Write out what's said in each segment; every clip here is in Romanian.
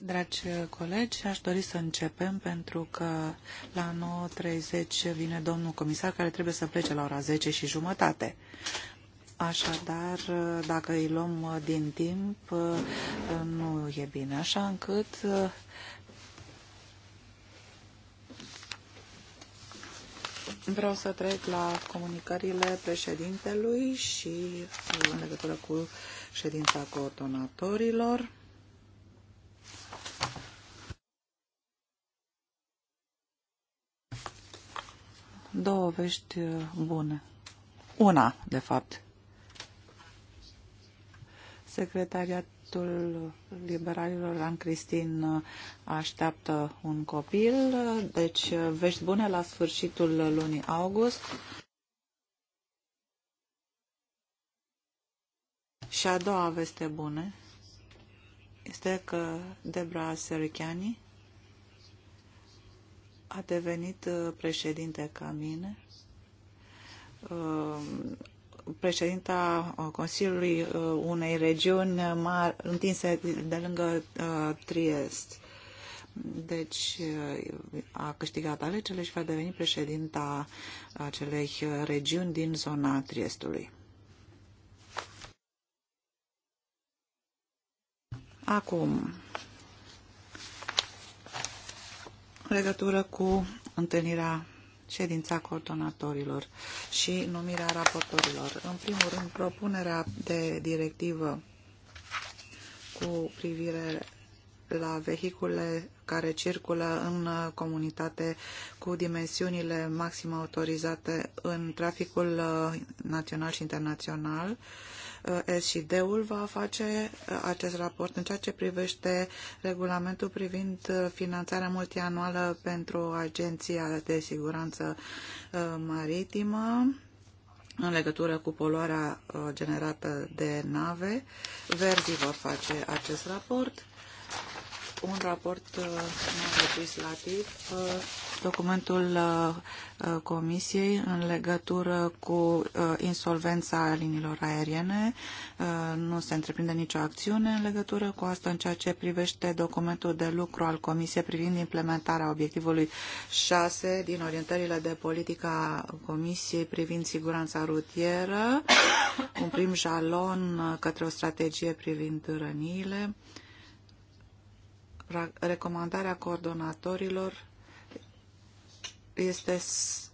Dragi colegi, aș dori să începem pentru că la 9.30 vine domnul comisar care trebuie să plece la ora 10 și jumătate. Așadar, dacă îi luăm din timp, nu e bine, așa încât Vreau să trec la comunicările președintelui și în legătură cu ședința coordonatorilor. două vești uh, bune. Una, de fapt. Secretariatul Liberalilor Ran Cristin uh, așteaptă un copil, uh, deci vești bune la sfârșitul lunii august. Și a doua veste bune. este că Debra Serichani a devenit uh, președinte ca mine, uh, președinta uh, Consiliului unei regiuni mari, întinse de lângă Triest. Deci a câștigat alegerile și va deveni președinta acelei regiuni din zona Triestului. Acum, legătură cu întâlnirea ședința coordonatorilor și numirea raportorilor. În primul rând, propunerea de directivă cu privire la vehicule care circulă în comunitate cu dimensiunile maxim autorizate în traficul uh, național și internațional Uh, S și D-ul va face uh, acest raport în ceea ce privește regulamentul privind uh, finanțarea multianuală pentru Agenția de Siguranță Maritimă în legătură cu poluarea generată de nave. Verdi vor face acest raport un raport uh, legislativ, uh, documentul uh, Comisiei în legătură cu insolvența liniilor aeriene. Nu se întreprinde nicio acțiune în legătură cu asta în ceea ce privește documentul de lucru al Comisiei privind implementarea obiectivului 6 din orientările de politică a Comisiei privind siguranța rutieră, un prim jalon către o strategie privind răniile. Recomandarea coordonatorilor este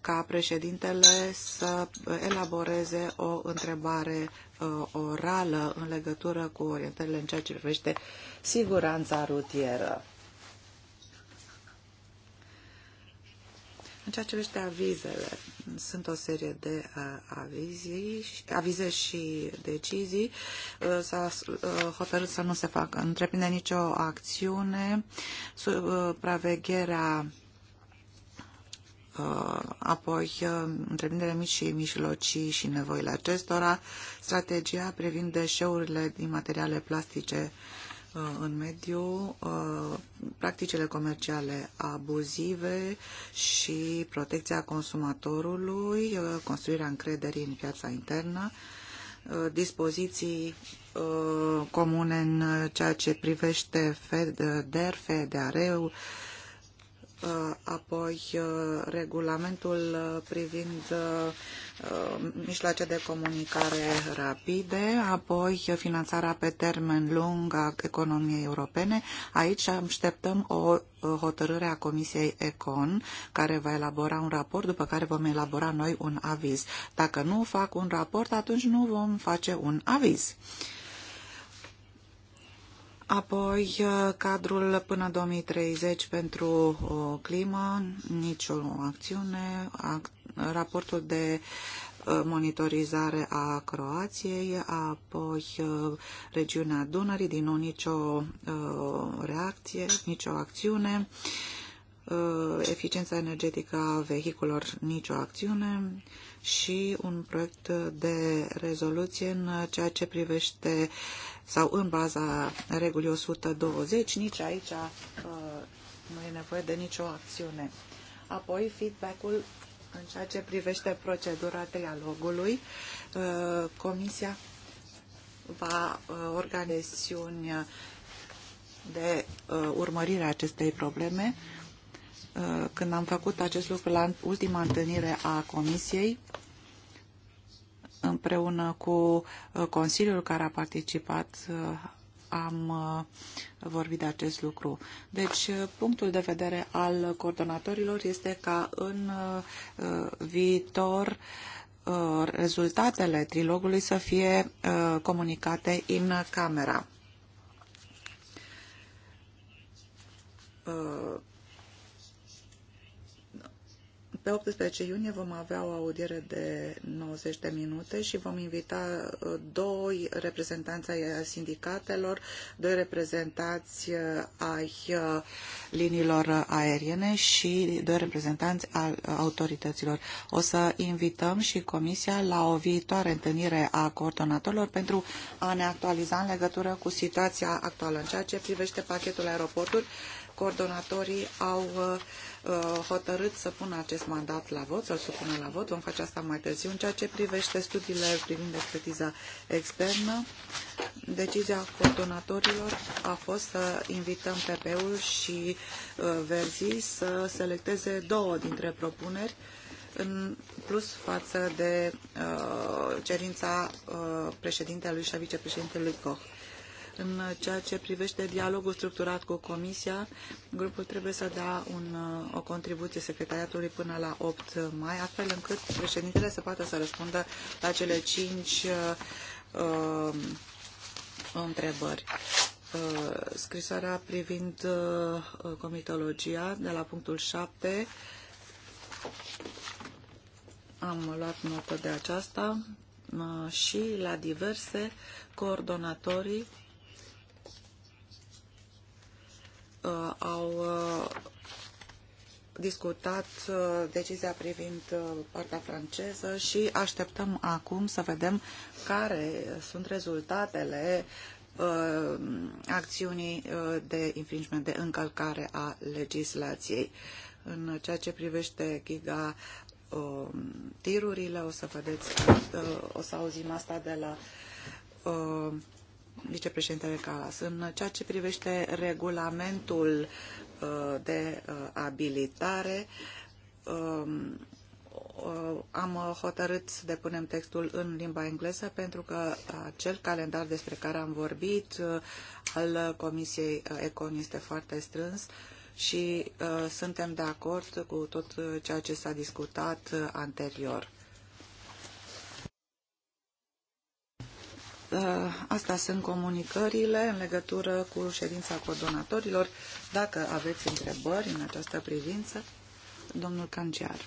ca președintele să elaboreze o întrebare uh, orală în legătură cu orientările în ceea ce privește siguranța rutieră. În ceea ce vește avizele, sunt o serie de uh, avizii, avize și decizii. Uh, S-a uh, hotărât să nu se facă întreprinde nicio acțiune, supravegherea uh, uh, apoi uh, întreprinderile mici și mijlocii și nevoile acestora, strategia privind deșeurile din materiale plastice Uh, în mediu uh, practicile comerciale abuzive și protecția consumatorului, uh, construirea încrederii în piața internă, dispoziții comune în ceea ce privește FEDER, FEDEAR, Uh, apoi uh, regulamentul uh, privind mijloace de comunicare rapide, apoi finanțarea pe termen lung a economiei europene. Aici așteptăm o hotărâre a Comisiei Econ, care va elabora un raport, după care vom elabora noi un aviz. Dacă nu fac un raport, atunci nu vom face un aviz. Uh, Apoi, uh, cadrul până 2030 pentru o uh, climă, nicio acțiune, act, raportul de uh, monitorizare a Croației, apoi regiunea Dunării, din nou nicio reacție, nicio acțiune, eficiența energetică a vehiculor, nicio acțiune, și un proiect de rezoluție în ceea ce privește sau în baza regulii 120, nici aici uh, nu e nevoie de nicio acțiune. Apoi feedback-ul în ceea ce privește procedura trialogului, uh, Comisia va uh, organiza de urmărire a acestei probleme Uh, când am făcut acest lucru la ultima întâlnire a Comisiei, împreună cu uh, Consiliul care a participat, uh, am vorbit de acest lucru. Deci, punctul de vedere al coordonatorilor este ca în viitor rezultatele trilogului să fie comunicate în camera pe 18 iunie vom avea o audiere de 90 de minute și vom invita uh, doi reprezentanți ai sindicatelor, doi reprezentanți uh, ai uh, liniilor aeriene și doi reprezentanți al autorităților. O să invităm și Comisia la o viitoare întâlnire a coordonatorilor pentru a ne actualiza în legătură cu situația actuală. În ceea ce privește pachetul aeroportului, coordonatorii au uh, Uh, hotărât să pună acest mandat la vot, să-l supună la vot. Vom face asta mai târziu. În ceea ce privește studiile privind expertiza externă, decizia coordonatorilor a fost să invităm PP-ul și uh, Verzi să selecteze două dintre propuneri în plus față de uh, cerința uh, președintelui și a vicepreședintelui Koch. În ceea ce privește dialogul structurat cu Comisia, grupul trebuie să dea un, o contribuție secretariatului până la 8 mai, astfel încât președintele să poată să răspundă la cele 5 uh, um, întrebări uh, scrisoarea privind uh, comitologia de la punctul 7. Am luat notă de aceasta uh, și la diverse coordonatorii uh, au uh, discutat uh, decizia privind uh, partea franceză și așteptăm acum să vedem care sunt rezultatele uh, acțiunii uh, de infringement, de încălcare a legislației. În ceea ce privește giga uh, tirurile, o să vedeți, uh, o să auzim asta de la uh, vicepreședintele Calas. În ceea ce privește regulamentul uh, de uh, abilitare, um, uh, am hotărât să depunem textul în limba engleză pentru că acel calendar despre care am vorbit al Comisiei Econ este foarte strâns și suntem de acord cu tot ceea ce s-a discutat anterior. Uh, Asta sunt comunicările în legătură cu ședința coordonatorilor. Dacă aveți întrebări în această privință, domnul Canciar.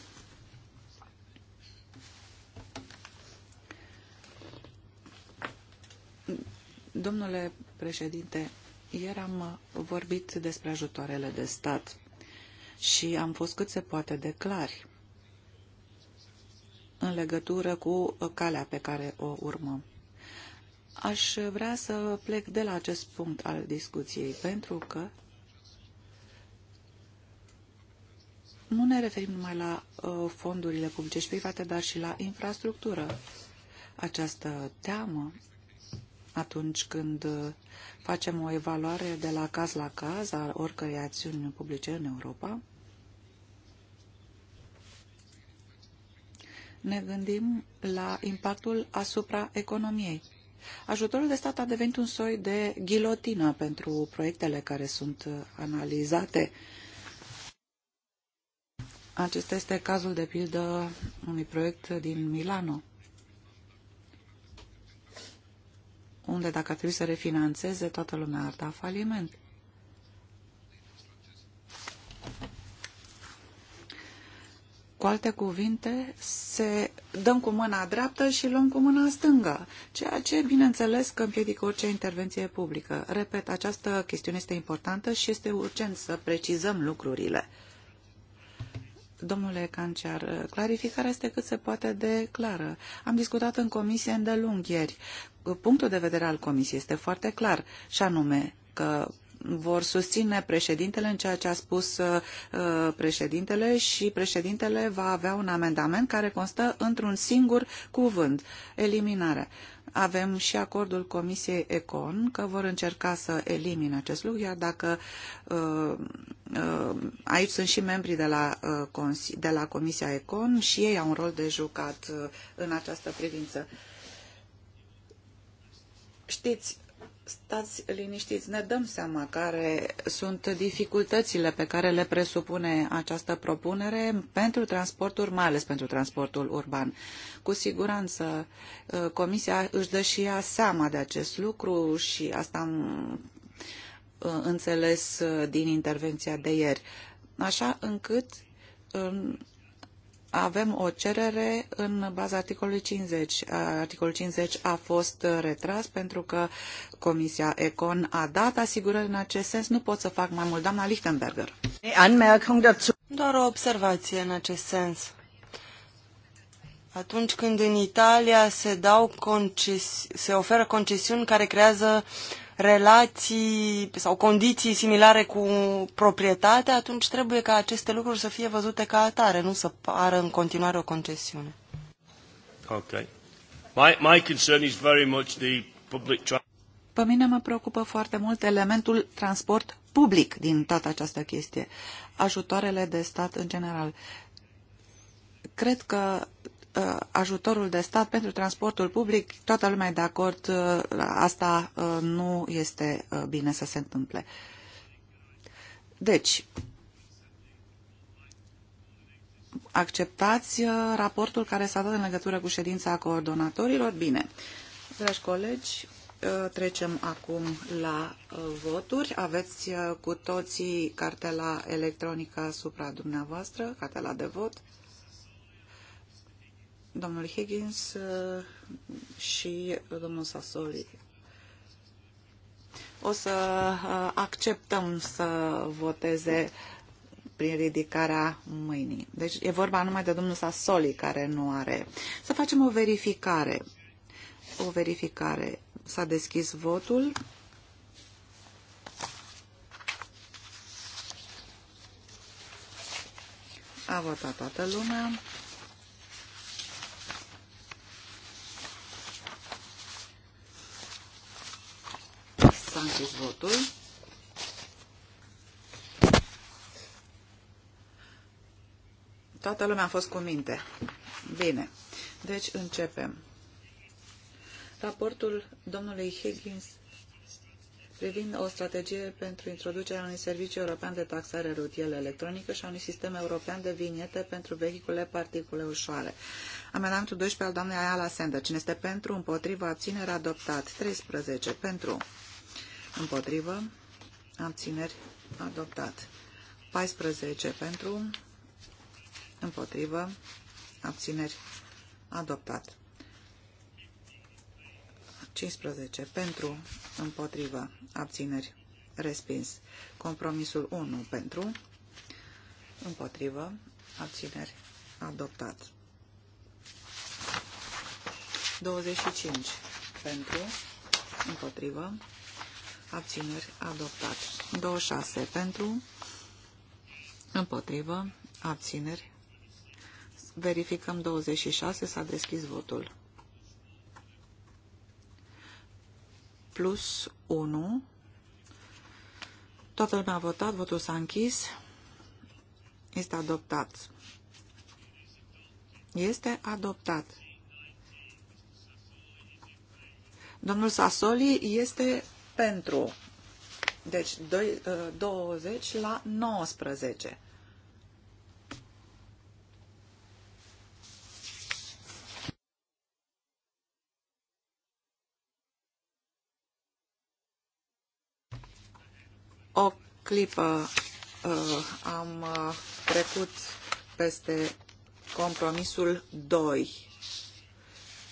Domnule președinte, ieri am vorbit despre ajutoarele de stat și am fost cât se poate de clari în legătură cu calea pe care o urmăm Aș vrea să plec de la acest punct al discuției, pentru că nu ne referim numai la uh, fondurile publice și private, dar și la infrastructură. Această teamă, atunci când uh, facem o evaluare de la caz la caz a oricărei acțiuni publice în Europa, ne gândim la impactul asupra economiei. Ajutorul de stat a devenit un soi de ghilotină pentru proiectele care sunt uh, analizate. Acesta este cazul, de pildă, unui proiect din Milano, unde dacă ar trebui să refinanțeze, toată lumea ar da faliment. Cu alte cuvinte, se dăm cu mâna dreaptă și luăm cu mâna stângă, ceea ce, bineînțeles, că împiedică orice intervenție publică. Repet, această chestiune este importantă și este urgent să precizăm lucrurile. Domnule Canciar, clarificarea este cât se poate de clară. Am discutat în comisie îndelung ieri. Punctul de vedere al comisiei este foarte clar, și anume că vor susține președintele în ceea ce a spus uh, președintele și președintele va avea un amendament care constă într-un singur cuvânt, eliminare. Avem și acordul Comisiei Econ că vor încerca să elimine acest lucru, iar dacă uh, uh, aici sunt și membrii de la, de la Comisia Econ și ei au un rol de jucat în această privință. Știți, Stați liniștiți, ne dăm seama care sunt dificultățile pe care le presupune această propunere pentru transportul, mai ales pentru transportul urban. Cu siguranță, uh, Comisia își dă și ea seama de acest lucru și asta am uh, înțeles uh, din intervenția de ieri, așa încât avem o cerere în baza articolului 50. Articolul 50 a fost retras pentru că Comisia Econ a dat asigurări în acest sens. Nu pot să fac mai mult. Doamna Lichtenberger. Doar o observație în acest sens. Atunci când în Italia se, dau concesi- se oferă concesiuni care creează uh, relații sau condiții similare cu proprietatea, atunci trebuie ca aceste lucruri să fie văzute ca atare, nu să pară în continuare o concesiune. Ok. My, my concern is very much the public Pe mine mă preocupă foarte mult elementul transport public din toată această chestie, ajutoarele de stat în general. Cred că Uh, ajutorul de stat pentru transportul public, toată lumea e de acord, uh, asta uh, nu este bine să se întâmple. Deci, acceptați raportul care s-a dat în legătură cu ședința coordonatorilor? Bine. Dragi colegi, trecem acum la voturi. Aveți cu toții cartela electronică asupra dumneavoastră, cartela de vot domnul Higgins uh, și domnul Sassoli. O să uh, acceptăm să voteze prin ridicarea mâinii. Deci e vorba numai de domnul Sassoli care nu are. Să facem o verificare. O verificare. S-a deschis votul. A votat toată lumea. S-a votul. Toată lumea a fost cu minte. Bine. Deci începem. Raportul domnului Higgins privind o strategie pentru introducerea unui serviciu european de taxare rutieră electronică și a unui sistem european de viniete pentru vehicule particule ușoare. Amendamentul 12 al doamnei Ayala Sender. Cine este pentru, împotrivă, abținere, adoptat. 13. Pentru, Împotrivă. Abțineri. Adoptat. 14 pentru. Împotrivă. Abțineri. Adoptat. 15 pentru. Împotrivă. Abțineri. Respins. Compromisul 1 pentru. Împotrivă. Abțineri. Adoptat. 25 pentru. Împotrivă abțineri, adoptat. 26 pentru, împotrivă, abțineri. Verificăm 26, s-a deschis votul. Plus 1. Toată lumea a votat, votul s-a închis. Este adoptat. Este adoptat. Domnul Sasoli este pentru. Deci 20 uh, la 19. O clipă uh, am uh, trecut peste compromisul 2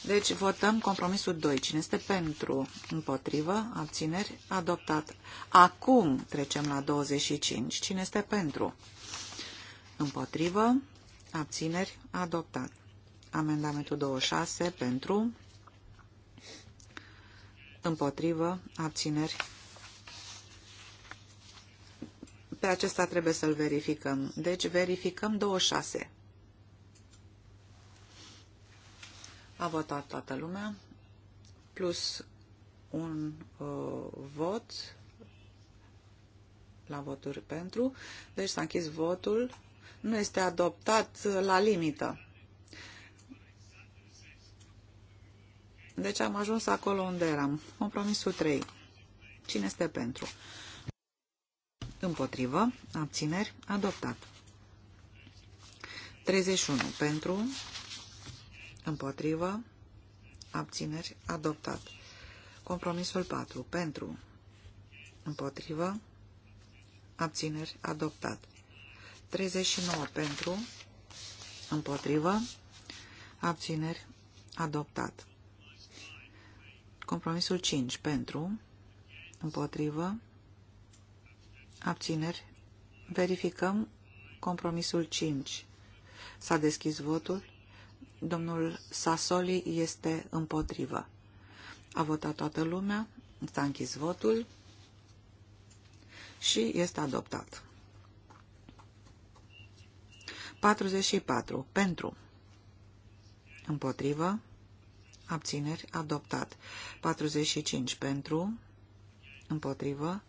deci votăm compromisul 2. Cine este pentru? Împotrivă? Abțineri? Adoptat. Acum trecem la 25. Cine este pentru? Împotrivă? Abțineri? Adoptat. Amendamentul 26 pentru? Împotrivă? Abțineri? Pe acesta trebuie să-l verificăm. Deci verificăm 26. A votat toată lumea, plus un uh, vot la voturi pentru. Deci s-a închis votul. Nu este adoptat uh, la limită. Deci am ajuns acolo unde eram. Compromisul 3. Cine este pentru? Împotrivă. Abțineri. Adoptat. 31 pentru. Împotrivă. Abțineri. Adoptat. Compromisul 4. Pentru. Împotrivă. Abțineri. Adoptat. 39 pentru. Împotrivă. Abțineri. Adoptat. Compromisul 5 pentru. Împotrivă. Abțineri. Verificăm compromisul 5. S-a deschis votul. Domnul Sasoli este împotrivă. A votat toată lumea, s-a închis votul și este adoptat. 44. Pentru. Împotrivă. Abțineri. Adoptat. 45. Pentru. Împotrivă.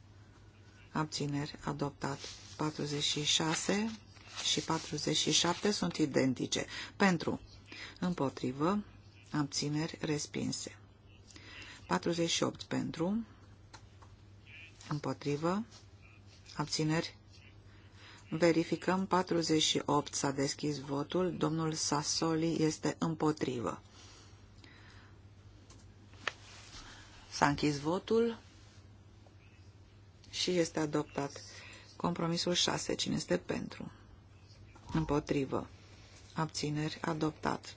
Abțineri. Adoptat. 46 și 47 sunt identice. Pentru. Împotrivă. Abțineri respinse. 48 pentru. Împotrivă. Abțineri. Verificăm 48. S-a deschis votul. Domnul Sassoli este împotrivă. S-a închis votul și este adoptat. Compromisul 6. Cine este pentru? Împotrivă abțineri, adoptat.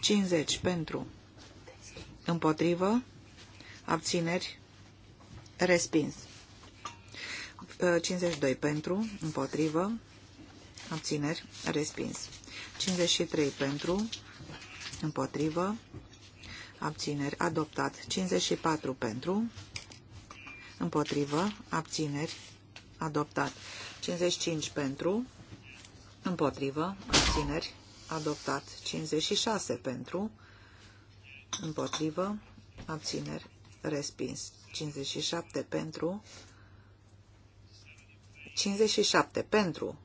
50 pentru, împotrivă, abțineri, respins. 52 pentru, împotrivă, abțineri, respins. 53 pentru, împotrivă, abțineri, adoptat. 54 pentru, împotrivă, abțineri, adoptat. 55 pentru, împotrivă, abțineri, adoptat. 56 pentru, împotrivă, abțineri, respins. 57 pentru, 57 pentru,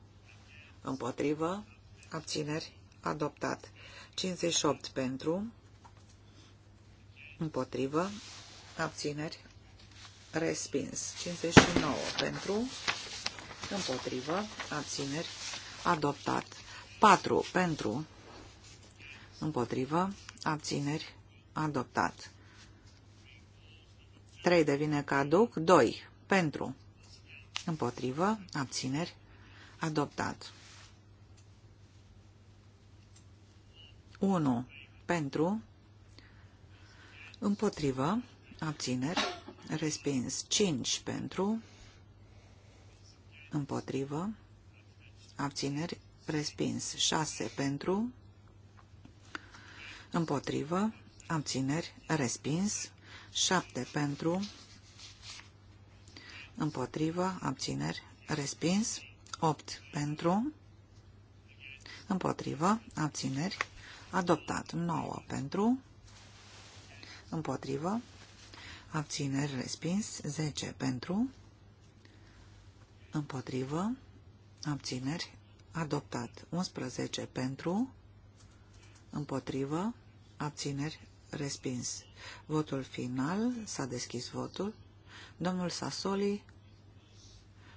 împotrivă, abțineri, adoptat. 58 pentru, împotrivă, abțineri, respins. 59 pentru, împotrivă, abțineri, adoptat. 4 pentru, împotrivă, abțineri, adoptat. 3 devine caduc, 2 pentru, împotrivă, abțineri, adoptat. 1 pentru, împotrivă, abțineri, respins 5 pentru, împotrivă, abțineri, respins. 6 pentru, împotrivă, abțineri, respins. 7 pentru, împotrivă, abțineri, respins. 8 pentru, împotrivă, abțineri, adoptat. 9 pentru, împotrivă, abțineri, respins. 10 pentru, împotrivă, abțineri, adoptat. 11 pentru, împotrivă, abțineri, respins. Votul final, s-a deschis votul. Domnul Sasoli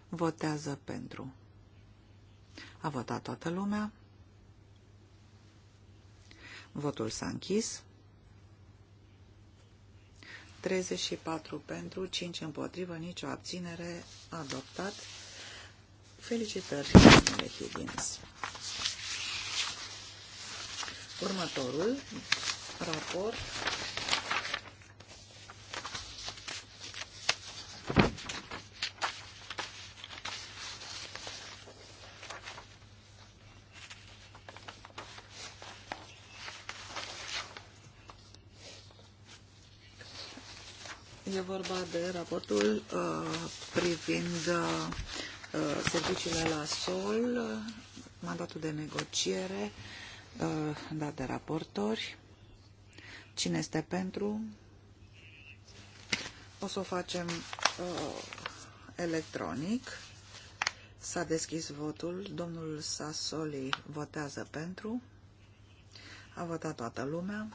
votează pentru. A votat toată lumea. Votul s-a închis. 34 pentru, 5 împotrivă, nicio abținere, adoptat. Felicitări, domnule Higgins. Următorul raport E vorba de raportul uh, privind uh, Uh, serviciile la sol, uh, mandatul de negociere uh, dat de raportori. Cine este pentru? O să o facem electronic. S-a deschis votul. Domnul Sassoli votează pentru. A votat toată lumea.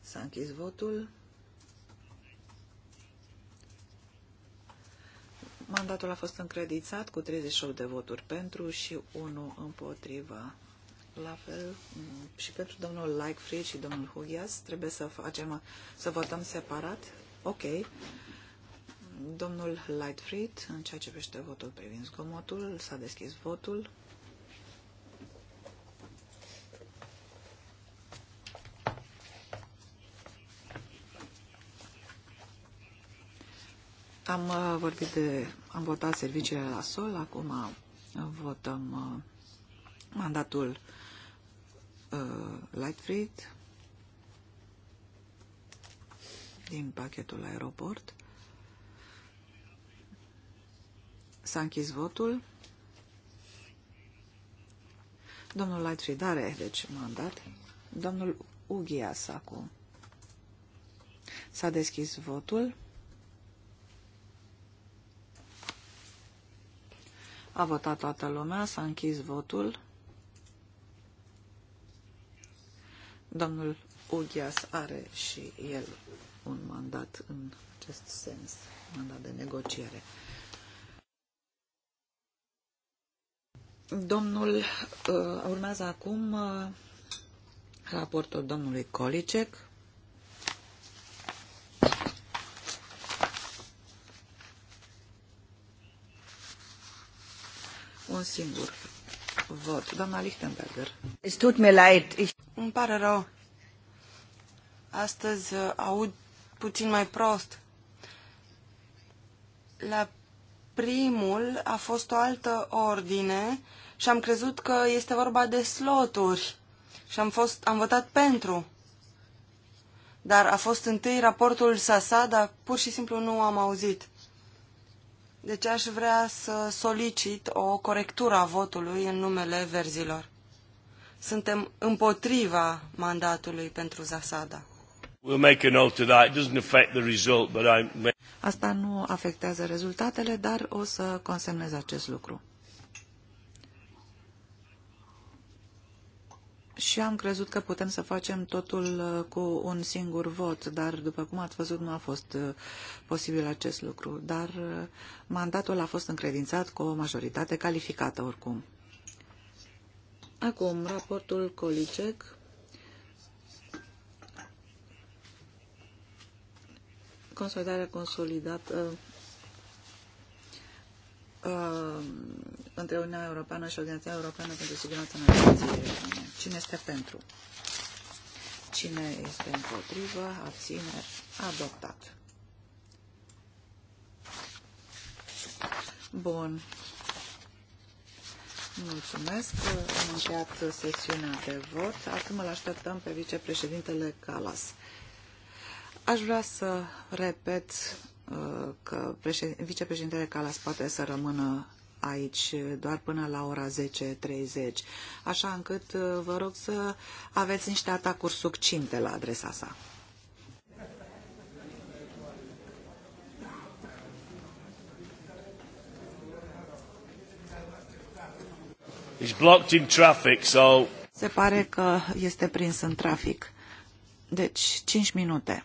S-a închis votul. Mandatul a fost încredițat cu 38 de voturi pentru și 1 împotrivă. La fel și pentru domnul Likefried și domnul Hugias trebuie să facem, să votăm separat. Ok. Domnul Lightfried, în ceea ce privește votul privind zgomotul, s-a deschis votul. Am uh, vorbit de, am votat serviciile la sol, acum uh, votăm uh, mandatul uh, Lightfried din pachetul aeroport. S-a închis votul. Domnul Lightfried are, deci, mandat. Domnul Ughias acum. S-a deschis votul. A votat toată lumea, s-a închis votul. Domnul Ughias are și el un mandat în acest sens, mandat de negociere. Domnul, uh, urmează acum uh, raportul domnului Colicec un singur vot. Doamna Lichtenberger. Es tut mir leid. Ich... Îmi pare rău. Astăzi uh, aud puțin mai prost. La primul a fost o altă ordine și am crezut că este vorba de sloturi și am, fost, am votat pentru. Dar a fost întâi raportul Sasada, pur și simplu nu am auzit. Deci aș vrea să solicit o corectură a votului în numele verzilor. Suntem împotriva mandatului pentru Zasada. Asta nu afectează rezultatele, dar o să consemnez acest lucru. și am crezut că putem să facem totul uh, cu un singur vot, dar după cum ați văzut nu a fost uh, posibil acest lucru. Dar uh, mandatul a fost încredințat cu o majoritate calificată oricum. Acum, raportul Colicec. Consolidarea consolidată uh, între Uniunea Europeană și Organizația Europeană pentru Siguranță în Aviație. Cine este pentru? Cine este împotrivă? Abțineri? Adoptat. Bun. Mulțumesc. Am încheiat sesiunea de vot. Acum îl așteptăm pe vicepreședintele Calas. Aș vrea să repet că vicepreședintele Calas poate să rămână aici doar până la ora 10.30, așa încât uh, vă rog să aveți niște atacuri succinte la adresa sa. He's blocked in traffic, so... Se pare că este prins în trafic. Deci, 5 minute.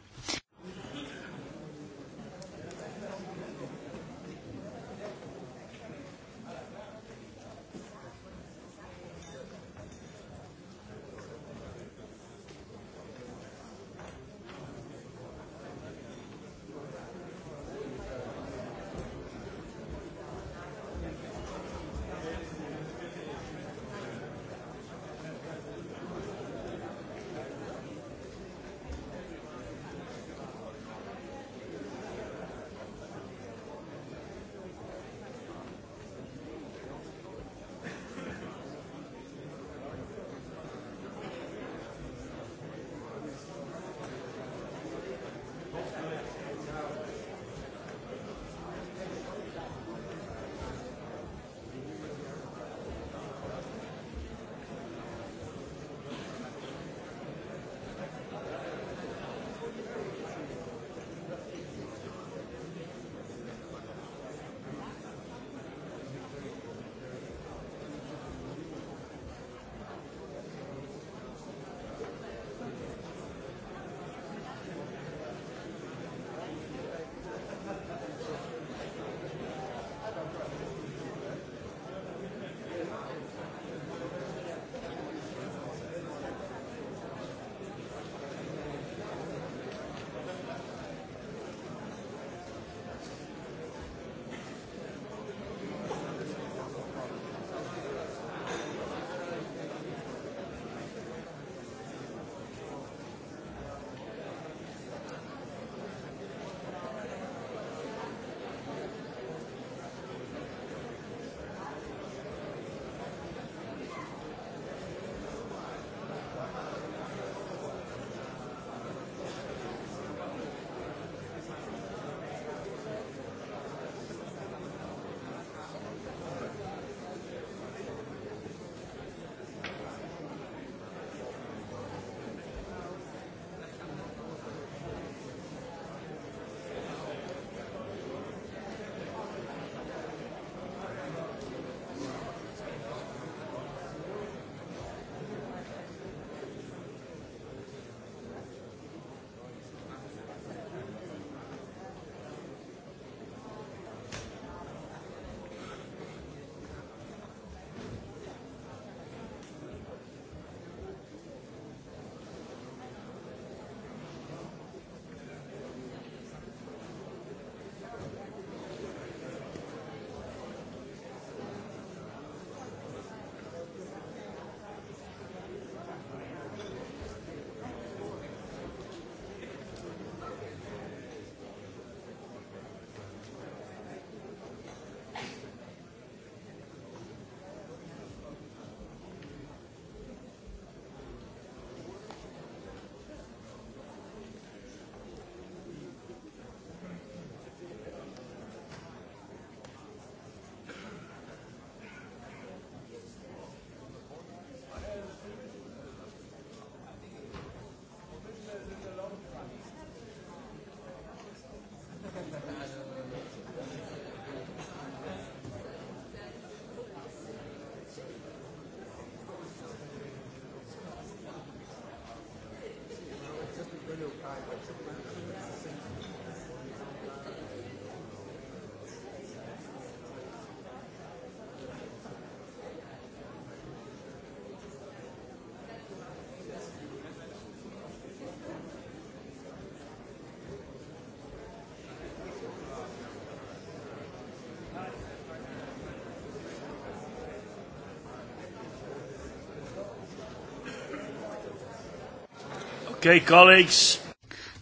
Okay, colleagues.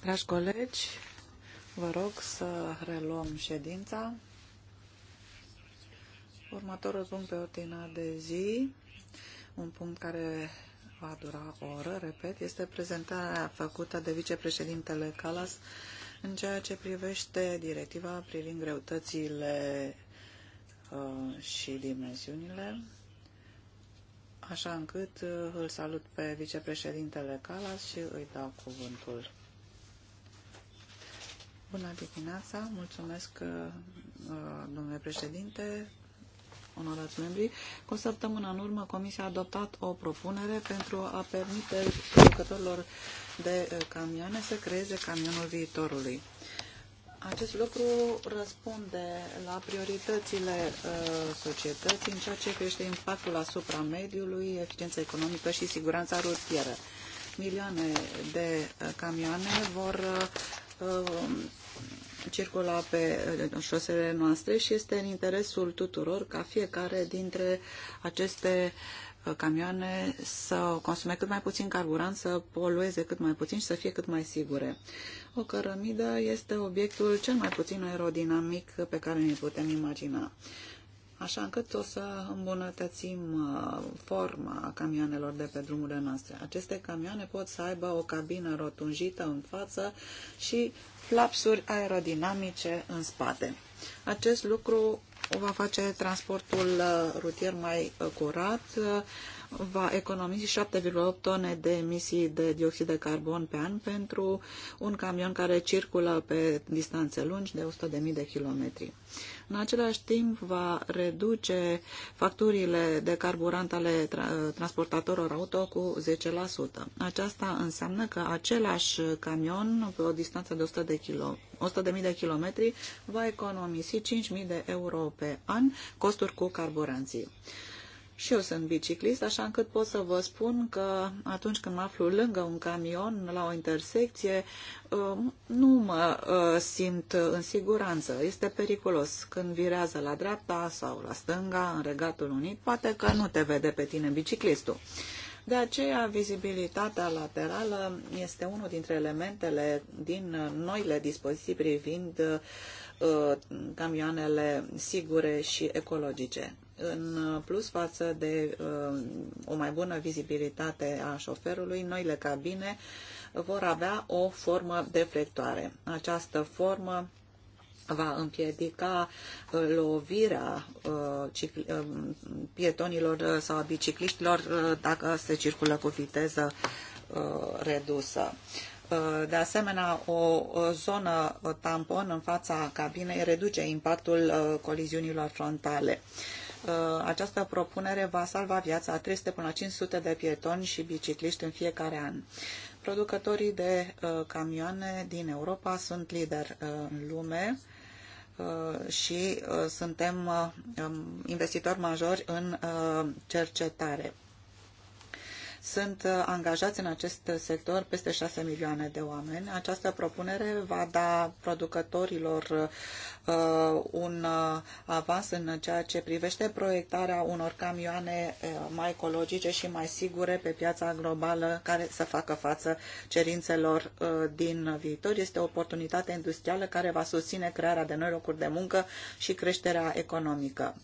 Dragi colegi, vă rog să reluăm ședința. Următorul punct pe ordinea de zi, un punct care va dura o oră, repet, este prezentarea făcută de vicepreședintele Calas în ceea ce privește directiva privind greutățile uh, și dimensiunile așa încât uh, îl salut pe vicepreședintele Calas și îi dau cuvântul. Bună dimineața, mulțumesc, uh, domnule președinte, onorați membri. Cu o săptămână în urmă, Comisia a adoptat o propunere pentru a permite producătorilor de uh, camioane să creeze camionul viitorului. Acest lucru răspunde la prioritățile uh, societății în ceea ce privește impactul asupra mediului, eficiența economică și siguranța rutieră. Milioane de uh, camioane vor uh, circula pe șosele noastre și este în interesul tuturor ca fiecare dintre aceste uh, camioane să consume cât mai puțin carburant, să polueze cât mai puțin și să fie cât mai sigure. O cărămidă este obiectul cel mai puțin aerodinamic pe care ne putem imagina. Așa încât o să îmbunătățim uh, forma camioanelor de pe drumurile noastre. Aceste camioane pot să aibă o cabină rotunjită în față și flapsuri aerodinamice în spate. Acest lucru va face transportul uh, rutier mai uh, curat, uh, va economisi 7,8 tone de emisii de dioxid de carbon pe an pentru un camion care circulă pe distanțe lungi de 100.000 de kilometri. În același timp va reduce facturile de carburant ale tra transportatorilor auto cu 10%. Aceasta înseamnă că același camion pe o distanță de 100.000 de kilo, 100.000 de kilometri va economisi 5.000 de euro pe an costuri cu carburanții. Și eu sunt biciclist, așa încât pot să vă spun că atunci când mă aflu lângă un camion, la o intersecție, uh, nu mă uh, simt în siguranță. Este periculos. Când virează la dreapta sau la stânga, în Regatul Unit, poate că nu te vede pe tine biciclistul. De aceea, vizibilitatea laterală este unul dintre elementele din noile dispoziții privind uh, camioanele sigure și ecologice. În plus față de uh, o mai bună vizibilitate a șoferului, noile cabine vor avea o formă deflectoare. Această formă va împiedica uh, lovirea uh, pietonilor sau a bicicliștilor dacă se circulă cu viteză redusă. De asemenea, o zonă tampon în fața cabinei reduce impactul coliziunilor frontale. Uh, această propunere va salva viața a 300 până la 500 de pietoni și bicicliști în fiecare an. Producătorii de uh, camioane din Europa sunt lideri uh, în lume și suntem um, investitori majori în cercetare. Sunt uh, angajați în acest sector peste 6 milioane de oameni. Această propunere va da producătorilor uh, un uh, avans în ceea ce privește proiectarea unor camioane uh, mai ecologice și mai sigure pe piața globală care să facă față cerințelor uh, din viitor. Este o oportunitate industrială care va susține crearea de noi locuri de muncă și creșterea economică.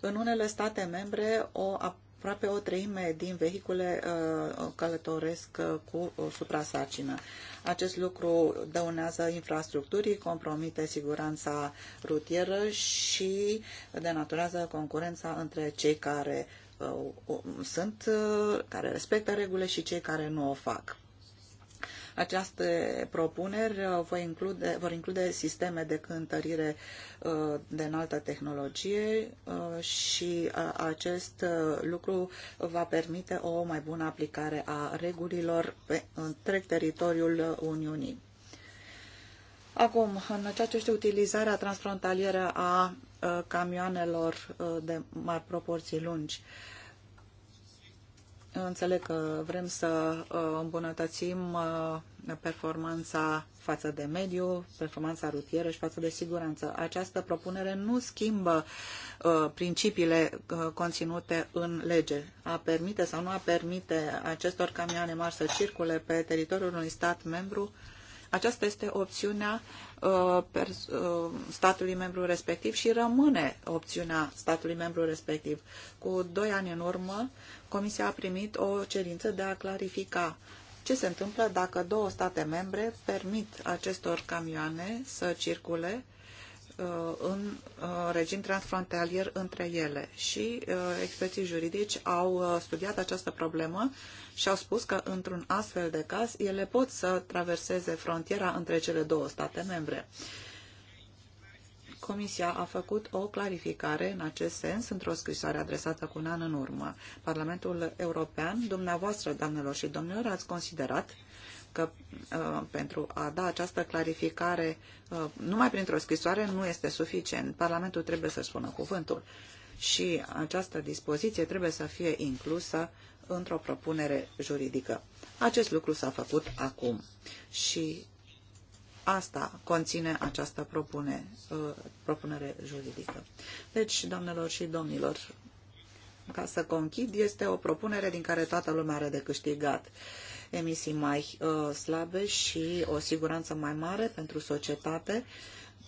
În unele state membre, o Aproape o treime din vehicule uh, călătoresc uh, cu uh, suprasacină. Acest lucru dăunează infrastructurii, compromite siguranța rutieră și denaturează concurența între cei care sunt, care respectă regulile și cei care nu o fac. Aceste propuneri uh, voi include, vor include sisteme de cântărire uh, de înaltă tehnologie uh, și acest lucru va permite o mai bună aplicare a regulilor pe întreg teritoriul Uniunii. Acum, în ceea ce este utilizarea transfrontalieră a camioanelor de mari proporții lungi, uh, Înțeleg că vrem să uh, îmbunătățim uh, performanța față de mediu, performanța rutieră și față de siguranță. Această propunere nu schimbă uh, principiile conținute în lege. A permite sau nu a permite acestor camioane mari să circule pe teritoriul unui stat membru aceasta este opțiunea statului membru respectiv și rămâne opțiunea statului membru respectiv. Cu doi ani în urmă, Comisia a primit o cerință de a clarifica ce se întâmplă dacă două state membre permit acestor camioane să circule uh, în uh, regim transfrontalier între ele și uh, experții juridici au studiat această problemă și au spus că într-un astfel de caz ele pot să traverseze frontiera între cele două state membre. Comisia a făcut o clarificare în acest sens într-o scrisoare adresată cu un an în urmă. Parlamentul European, dumneavoastră, doamnelor și domnilor, ați considerat că uh, pentru a da această clarificare uh, numai printr-o scrisoare nu este suficient. Parlamentul trebuie să spună cuvântul și această dispoziție trebuie să fie inclusă într-o propunere juridică. Acest lucru s-a făcut acum și Asta conține această propune, uh, propunere juridică. Deci, doamnelor și domnilor, ca să conchid, este o propunere din care toată lumea are de câștigat emisii mai uh, slabe și o siguranță mai mare pentru societate,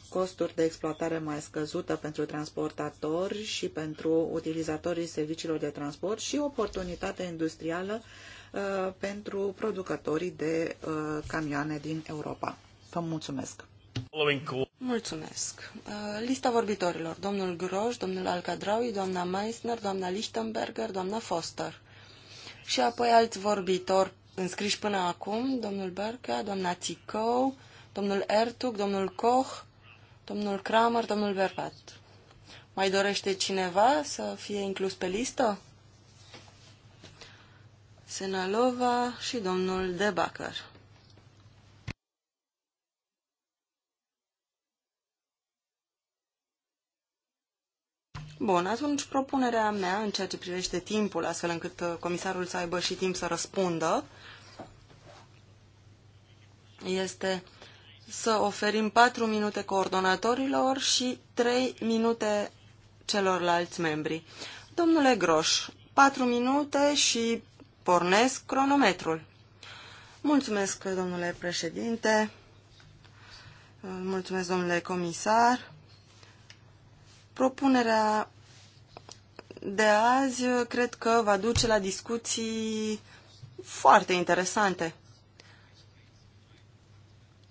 costuri de exploatare mai scăzută pentru transportatori și pentru utilizatorii serviciilor de transport și oportunitate industrială uh, pentru producătorii de uh, camioane din Europa. Vă mulțumesc! Mulțumesc. Uh, lista vorbitorilor. Domnul Groș, domnul Alcadraui, doamna Meissner, doamna Lichtenberger, doamna Foster. Și apoi alți vorbitori înscriși până acum, domnul Berca, doamna Țicău, domnul Ertug, domnul Koch, domnul Kramer, domnul Verpat. Mai dorește cineva să fie inclus pe listă? Senalova și domnul Debacker. Bun, atunci propunerea mea în ceea ce privește timpul, astfel încât uh, comisarul să aibă și timp să răspundă, este să oferim 4 minute coordonatorilor și 3 minute celorlalți membri. Domnule Groș, 4 minute și pornesc cronometrul. Mulțumesc, domnule președinte. Mulțumesc, domnule comisar. Propunerea de azi cred că va duce la discuții foarte interesante.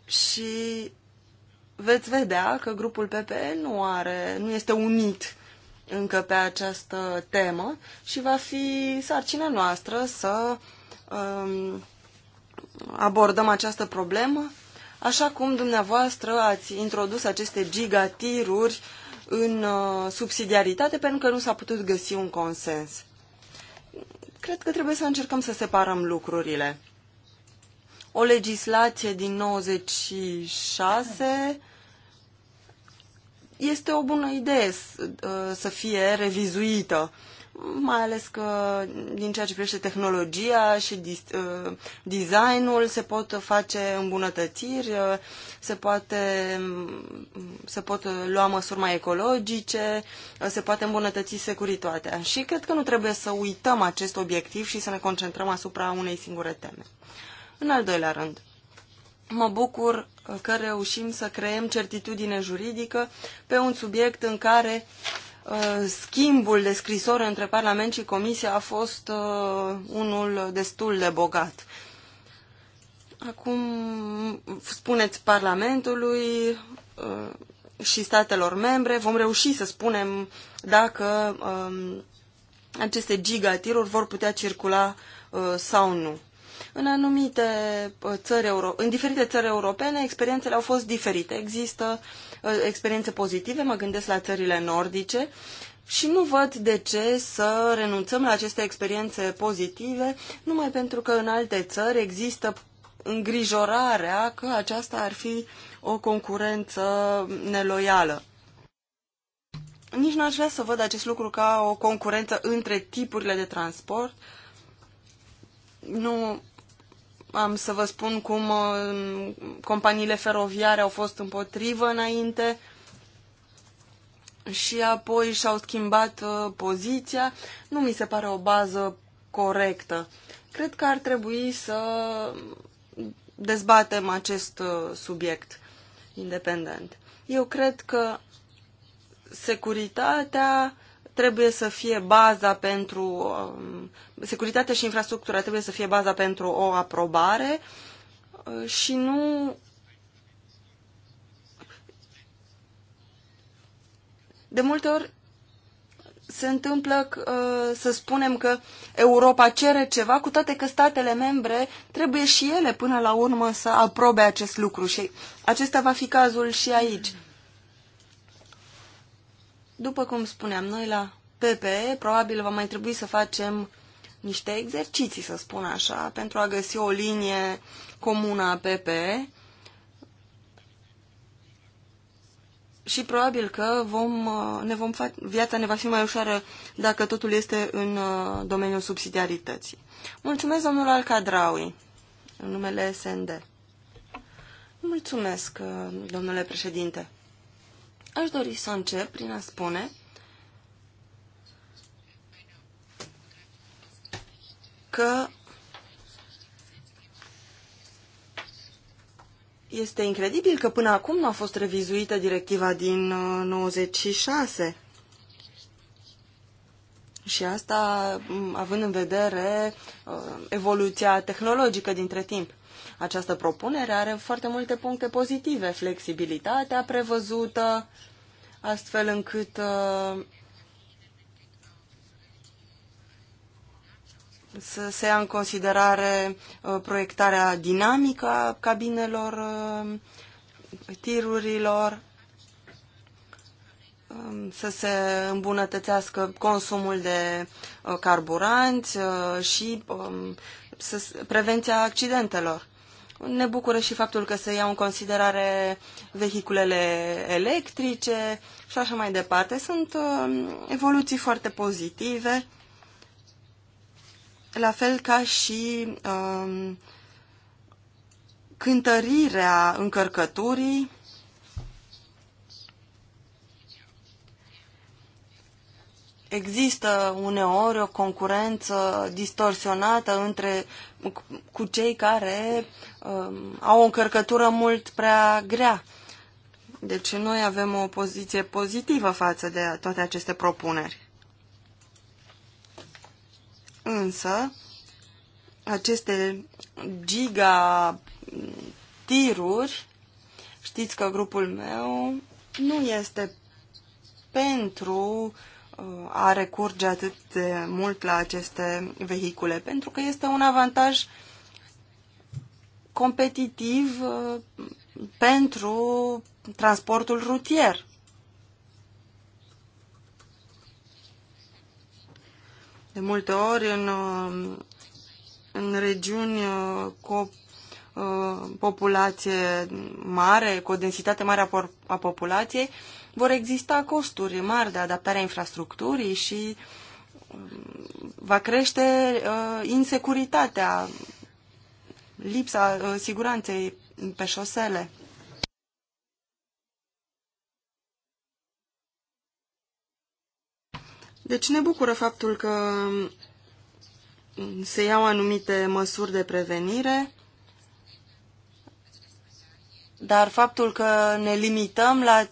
Și veți vedea că grupul PPE nu, are, nu este unit încă pe această temă și va fi sarcina noastră să um, abordăm această problemă, așa cum dumneavoastră ați introdus aceste gigatiruri uh, în uh, subsidiaritate pentru că nu s-a putut găsi un consens. Cred că trebuie să încercăm să separăm lucrurile. O legislație din 96 este o bună idee uh, să fie revizuită mai ales că din ceea ce privește tehnologia și uh, designul se pot face îmbunătățiri, uh, se, poate, se pot lua măsuri mai ecologice, uh, se poate îmbunătăți securitatea. Și cred că nu trebuie să uităm acest obiectiv și să ne concentrăm asupra unei singure teme. În al doilea rând, mă bucur că reușim să creăm certitudine juridică pe un subiect în care Uh, schimbul de scrisori între Parlament și Comisie a fost uh, unul destul de bogat. Acum spuneți Parlamentului uh, și statelor membre, vom reuși să spunem dacă um, aceste gigatiruri vor putea circula sau nu. În anumite uh, țări, euro, în diferite țări europene, experiențele au fost diferite. Există uh, experiențe pozitive, mă gândesc la țările nordice, și nu văd de ce să renunțăm la aceste experiențe pozitive, numai pentru că în alte țări există îngrijorarea că aceasta ar fi o concurență neloială. Nici n-aș vrea să văd acest lucru ca o concurență între tipurile de transport. Nu am să vă spun cum uh, companiile feroviare au fost împotrivă înainte și apoi și-au schimbat uh, poziția. Nu mi se pare o bază corectă. Cred că ar trebui să dezbatem acest uh, subiect independent. Eu cred că securitatea trebuie să fie baza pentru um, securitatea și infrastructura trebuie să fie baza pentru o aprobare uh, și nu de multe ori se întâmplă uh, să spunem că Europa cere ceva, cu toate că statele membre trebuie și ele până la urmă să aprobe acest lucru și acesta va fi cazul și aici. Mm-hmm după cum spuneam, noi la PPE probabil va mai trebui să facem niște exerciții, să spun așa, pentru a găsi o linie comună a PPE și probabil că vom, uh, ne vom fa- viața ne va fi mai ușoară dacă totul este în uh, domeniul subsidiarității. Mulțumesc, domnul Alcadraui, în numele SND. Mulțumesc, uh, domnule președinte. Aș dori să încep prin a spune că este incredibil că până acum nu a fost revizuită directiva din 96. Uh, și asta mm, având în vedere uh, evoluția tehnologică dintre timp. Această propunere are foarte multe puncte pozitive, flexibilitatea prevăzută, astfel încât uh, să se ia în considerare uh, proiectarea dinamică a cabinelor, uh, tirurilor, um, să se îmbunătățească consumul de carburanți și um, prevenția accidentelor. Ne bucură și faptul că se iau în considerare vehiculele electrice și așa mai departe. Sunt um, evoluții foarte pozitive, la fel ca și um, cântărirea încărcăturii există uneori o concurență distorsionată între cu cei care um, au o încărcătură mult prea grea. Deci noi avem o poziție pozitivă față de toate aceste propuneri. Însă, aceste giga tiruri, știți că grupul meu nu este pentru uh, a recurge atât de mult la aceste vehicule, pentru că este un avantaj competitiv uh, pentru transportul rutier. De multe ori în, uh, în regiuni uh, cu o populație mare, cu o densitate mare a populației, vor exista costuri mari de adaptare a infrastructurii și um, va crește uh, insecuritatea, lipsa uh, siguranței pe șosele. Deci ne bucură faptul că um, se iau anumite măsuri de prevenire, dar faptul că ne limităm la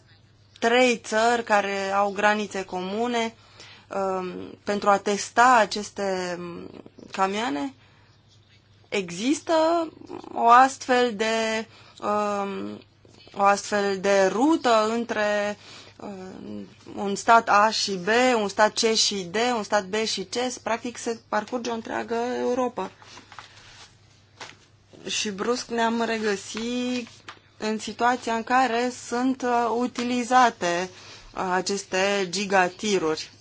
trei țări care au granițe comune um, pentru a testa aceste um, camioane? Există o astfel de, um, o astfel de rută între un stat A și B, un stat C și D, un stat B și C, practic se parcurge o întreagă Europa. Și brusc ne-am regăsit în situația în care sunt uh, utilizate uh, aceste gigatiruri.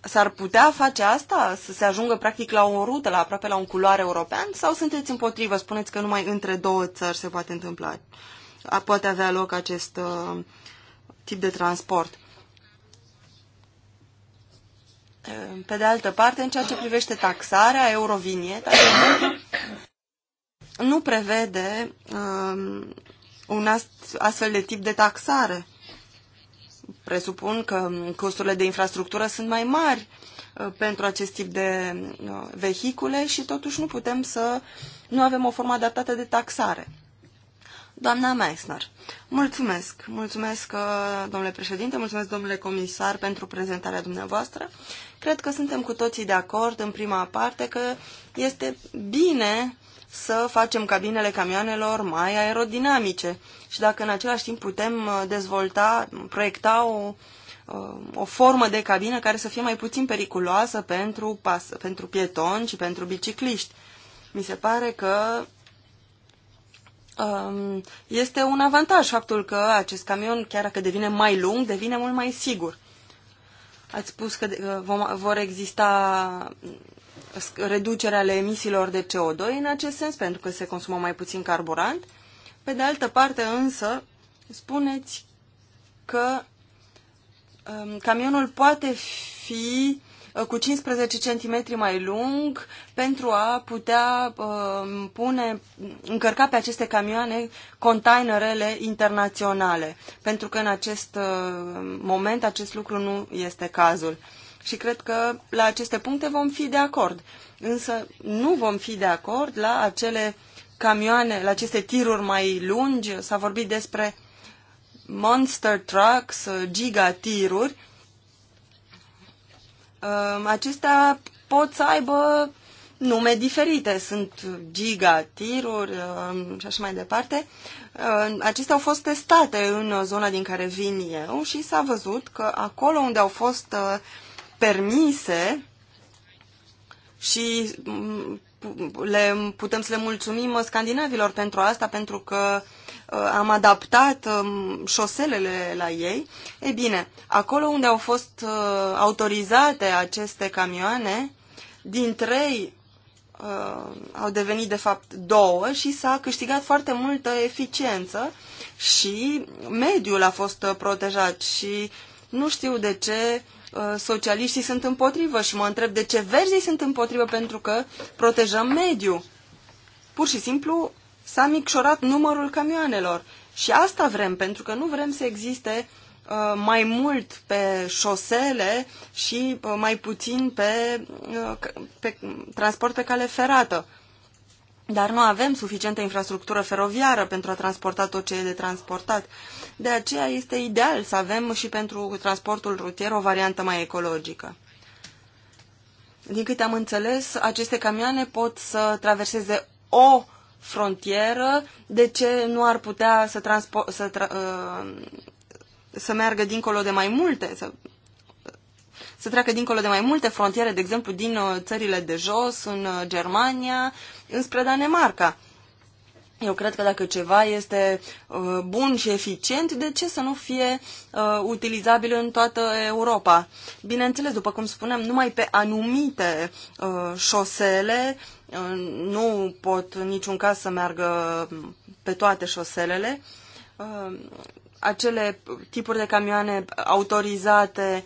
S-ar putea face asta? Să se ajungă practic la o rută, la aproape la un culoare european? Sau sunteți împotrivă? Spuneți că numai între două țări se poate întâmpla. Poate avea loc acest uh, tip de transport. Pe de altă parte, în ceea ce privește taxarea, eurovinieta, nu prevede um, un ast, astfel de tip de taxare. Presupun că costurile de infrastructură sunt mai mari uh, pentru acest tip de uh, vehicule și totuși nu putem să nu avem o formă adaptată de taxare. Doamna Meissner, mulțumesc. Mulțumesc, uh, domnule președinte, mulțumesc, domnule comisar, pentru prezentarea dumneavoastră. Cred că suntem cu toții de acord în prima parte că este bine să facem cabinele camioanelor mai aerodinamice și dacă în același timp putem uh, dezvolta, proiecta o, uh, o formă de cabină care să fie mai puțin periculoasă pentru, pas, pentru pietoni și pentru bicicliști. Mi se pare că um, este un avantaj faptul că acest camion, chiar dacă devine mai lung, devine mult mai sigur. Ați spus că uh, vom, vor exista reducerea ale emisiilor de CO2 în acest sens, pentru că se consumă mai puțin carburant. Pe de altă parte însă, spuneți că um, camionul poate fi uh, cu 15 cm mai lung pentru a putea uh, pune, încărca pe aceste camioane containerele internaționale, pentru că în acest uh, moment acest lucru nu este cazul și cred că la aceste puncte vom fi de acord. Însă nu vom fi de acord la acele camioane, la aceste tiruri mai lungi. S-a vorbit despre monster trucks, giga tiruri. Ă, acestea pot să aibă nume diferite. Sunt giga, tiruri ă, și așa mai departe. Ă, acestea au fost testate în zona din care vin eu și s-a văzut că acolo unde au fost permise și mm, le, putem să le mulțumim scandinavilor pentru asta, pentru că uh, am adaptat um, șoselele la ei. E bine, acolo unde au fost uh, autorizate aceste camioane, din trei uh, au devenit de fapt două și s-a câștigat foarte multă eficiență și mediul a fost protejat și nu știu de ce uh, socialiștii sunt împotrivă și mă întreb de ce verzii sunt împotrivă pentru că protejăm mediul. Pur și simplu s-a micșorat numărul camioanelor și asta vrem pentru că nu vrem să existe uh, mai mult pe șosele și uh, mai puțin pe, uh, pe transport pe cale ferată. Dar nu avem suficientă infrastructură feroviară pentru a transporta tot ce e de transportat. De aceea este ideal să avem și pentru transportul rutier o variantă mai ecologică. Din câte am înțeles, aceste camioane pot să traverseze o frontieră, de ce nu ar putea să, transpo- să, tra- uh, să meargă dincolo de mai multe, să să treacă dincolo de mai multe frontiere, de exemplu din uh, țările de jos, în uh, Germania, înspre Danemarca. Eu cred că dacă ceva este uh, bun și eficient, de ce să nu fie utilizabil în toată Europa? Bineînțeles, după cum spuneam, numai pe anumite șosele nu pot în niciun caz să meargă pe toate șoselele. acele tipuri de camioane autorizate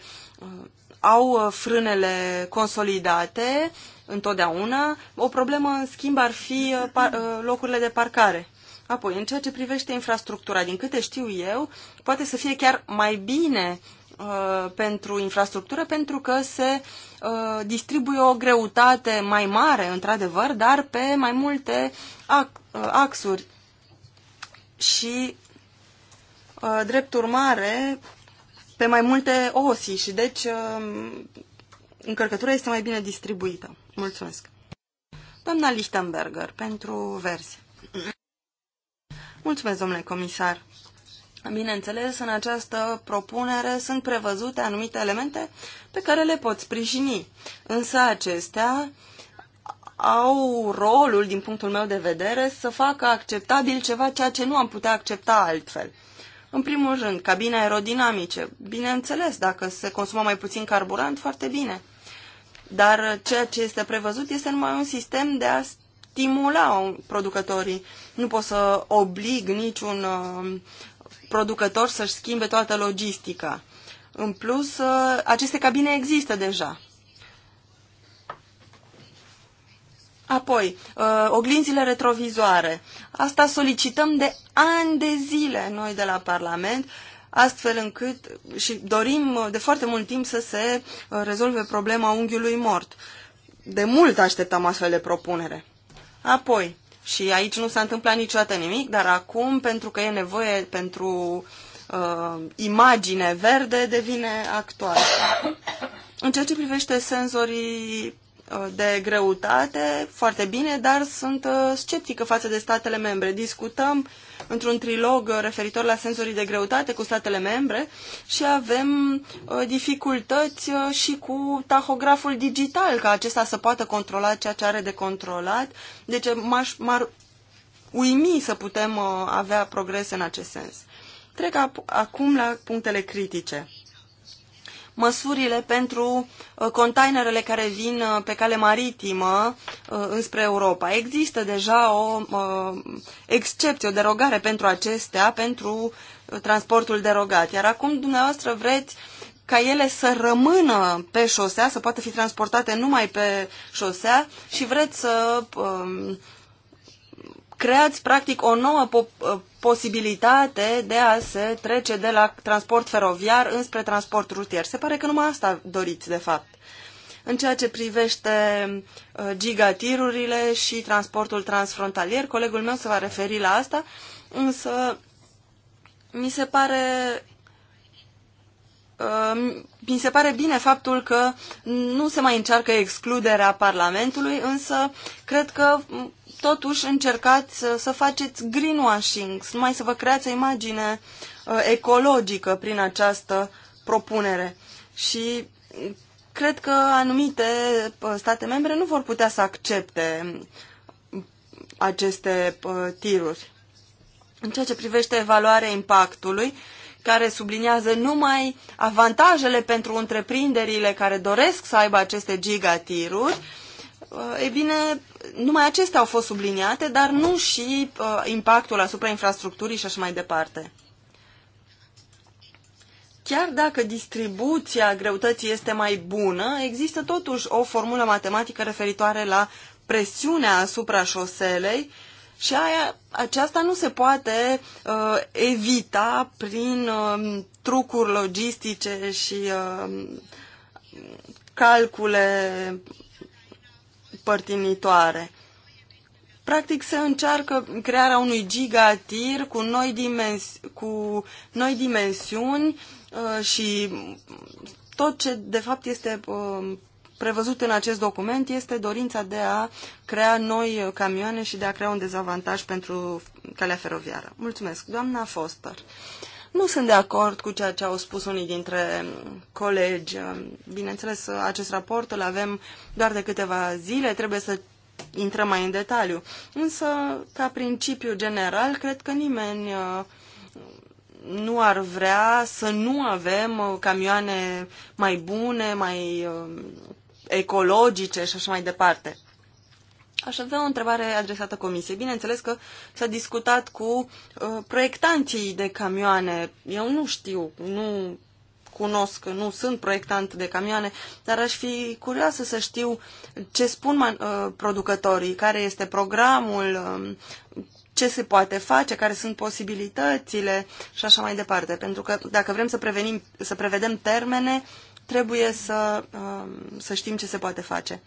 au uh, frânele consolidate întotdeauna. O problemă, în schimb, ar fi uh, uh, locurile de parcare. Apoi, în ceea ce privește infrastructura, din câte știu eu, poate să fie chiar mai bine uh, pentru infrastructură, pentru că se uh, distribuie o greutate mai mare, într-adevăr, dar pe mai multe axuri. Și, uh, drept urmare, pe mai multe osi și deci um, încărcătura este mai bine distribuită. Mulțumesc. Doamna Lichtenberger, pentru versi. Mulțumesc, domnule comisar. Bineînțeles, în această propunere sunt prevăzute anumite elemente pe care le pot sprijini, însă acestea au rolul, din punctul meu de vedere, să facă acceptabil ceva ceea ce nu am putea accepta altfel. În primul rând, cabine aerodinamice. Bineînțeles, dacă se consumă mai puțin carburant, foarte bine. Dar ceea ce este prevăzut este numai un sistem de a stimula producătorii. Nu pot să oblig niciun uh, producător să-și schimbe toată logistica. În plus, uh, aceste cabine există deja. Apoi, uh, oglinzile retrovizoare. Asta solicităm de ani de zile noi de la Parlament, astfel încât și dorim de foarte mult timp să se uh, rezolve problema unghiului mort. De mult așteptam astfel de propunere. Apoi, și aici nu s-a întâmplat niciodată nimic, dar acum, pentru că e nevoie pentru uh, imagine verde, devine actual. În ceea ce privește senzorii Uh, de greutate, foarte bine, dar sunt uh, sceptică față de statele membre. Discutăm într-un trilog uh, referitor la senzorii de greutate cu statele membre și avem dificultăți și cu tahograful digital, ca acesta să poată controla ceea ce are de controlat. Deci m-ar uimi să putem avea progrese în acest sens. Trec acum la punctele critice măsurile pentru uh, containerele care vin uh, pe cale maritimă uh, înspre Europa. Există deja o excepție, o derogare pentru acestea, pentru transportul derogat. Iar acum dumneavoastră vreți ca ele să rămână pe șosea, să poată fi transportate numai pe șosea și vreți să um, creați practic o nouă po- uh, posibilitate de a se trece de la transport feroviar înspre transport rutier. Se pare că numai asta doriți, de fapt. În ceea ce privește uh, gigatirurile și transportul transfrontalier, colegul meu se va referi la asta, însă mi se pare uh, mi se pare bine faptul că nu se mai încearcă excluderea Parlamentului, însă cred că totuși încercați să faceți greenwashing, mai să vă creați o imagine uh, ecologică prin această propunere. Și mm, cred că anumite uh, state membre nu vor putea să accepte mm, aceste uh, tiruri. În ceea ce privește evaluarea impactului, care subliniază numai avantajele pentru întreprinderile care doresc să aibă aceste gigatiruri, E bine, numai acestea au fost subliniate, dar nu și uh, impactul asupra infrastructurii și așa mai departe. Chiar dacă distribuția greutății este mai bună, există totuși o formulă matematică referitoare la presiunea asupra șoselei și aia, aceasta nu se poate uh, evita prin uh, trucuri logistice și uh, calcule părtinitoare. Practic se încearcă crearea unui gigatir cu noi, dimens- cu noi dimensiuni uh, și tot ce de fapt este uh, prevăzut în acest document este dorința de a crea noi camioane și de a crea un dezavantaj pentru calea feroviară. Mulțumesc, doamna Foster. Uh, nu sunt de acord cu ceea ce au spus unii dintre colegi. Bineînțeles, acest raport îl avem doar de câteva zile, trebuie să intrăm mai în detaliu. Însă, ca principiu general, cred că nimeni uh, nu ar vrea să nu avem uh, camioane mai bune, mai uh, ecologice și așa mai departe. Aș avea o întrebare adresată comisiei. Bineînțeles că s-a discutat cu uh, proiectanții de camioane. Eu nu știu, nu cunosc, nu sunt proiectant de camioane, dar aș fi curioasă să știu ce spun uh, producătorii, care este programul, uh, ce se poate face, care sunt posibilitățile și așa mai departe. Pentru că dacă vrem să, prevenim, să prevedem termene, trebuie să, uh, să știm ce se poate face.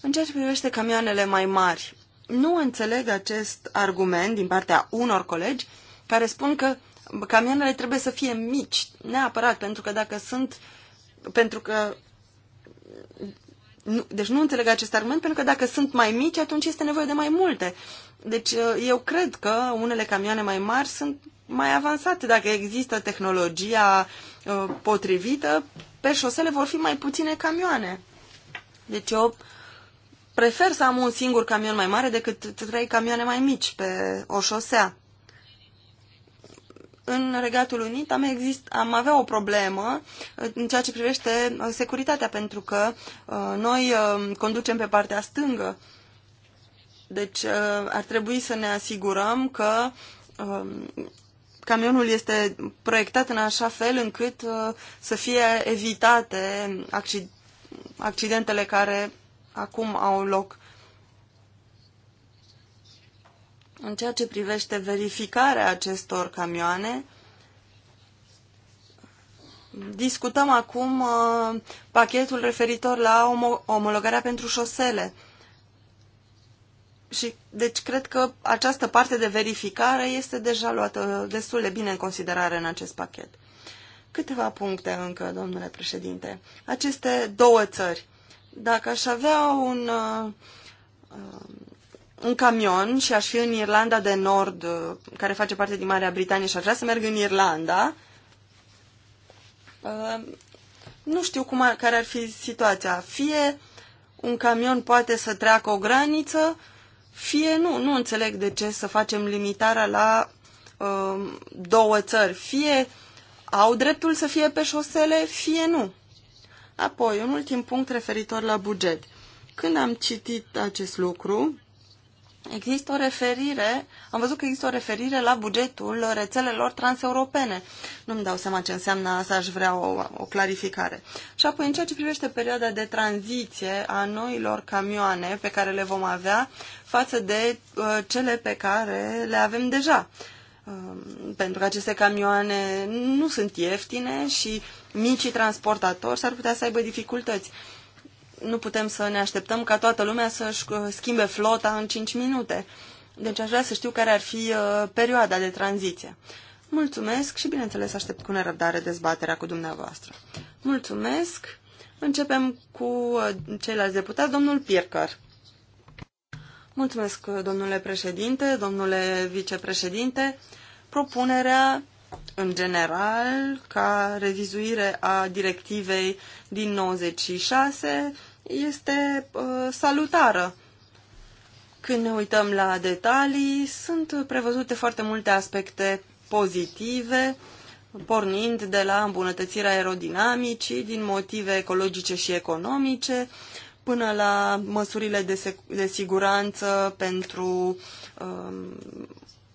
În ceea ce privește camioanele mai mari, nu înțeleg acest argument din partea unor colegi care spun că camioanele trebuie să fie mici, neapărat, pentru că dacă sunt, pentru că nu, deci nu înțeleg acest argument, pentru că dacă sunt mai mici, atunci este nevoie de mai multe. Deci eh, eu cred că unele camioane mai mari sunt mai avansate. Dacă există tehnologia eh, potrivită, pe șosele vor fi mai puține camioane. Deci eu prefer să am un singur camion mai mare decât trei camioane mai mici pe o șosea. În Regatul Unit am, exist, am avea o problemă uh, în ceea ce privește uh, securitatea, pentru că uh, noi conducem pe partea stângă. Deci ar trebui să ne asigurăm că um, camionul este proiectat în așa fel încât să fie evitate accidentele care acum au loc. În ceea ce privește verificarea acestor camioane, discutăm acum uh, pachetul referitor la omologarea pentru șosele. Și, deci, cred că această parte de verificare este deja luată destul de bine în considerare în acest pachet. Câteva puncte încă, domnule președinte. Aceste două țări, dacă aș avea un, uh, un camion și aș fi în Irlanda de Nord, uh, care face parte din Marea Britanie și aș vrea să merg în Irlanda, uh, nu știu cum ar, care ar fi situația. Fie un camion poate să treacă o graniță, fie nu. Nu înțeleg de ce să facem limitarea la uh, două țări. Fie au dreptul să fie pe șosele, fie nu. Apoi, un ultim punct referitor la buget. Când am citit acest lucru, există o referire, am văzut că există o referire la bugetul rețelelor transeuropene. Nu-mi dau seama ce înseamnă asta, aș vrea o, o clarificare. Și apoi, în ceea ce privește perioada de tranziție a noilor camioane pe care le vom avea față de uh, cele pe care le avem deja. Um, pentru că aceste camioane nu sunt ieftine și micii transportatori s-ar putea să aibă dificultăți. Nu putem să ne așteptăm ca toată lumea să-și uh, schimbe flota în 5 minute. Deci aș vrea să știu care ar fi uh, perioada de tranziție. Mulțumesc și, bineînțeles, aștept cu nerăbdare dezbaterea cu dumneavoastră. Mulțumesc! Începem cu uh, ceilalți deputați, domnul Piercăr. Mulțumesc, domnule președinte, domnule vicepreședinte. Propunerea, în general, ca revizuire a directivei din 96 este uh, salutară. Când ne uităm la detalii, sunt prevăzute foarte multe aspecte pozitive, pornind de la îmbunătățirea aerodinamicii, din motive ecologice și economice, uh, până la măsurile de, de siguranță pentru um,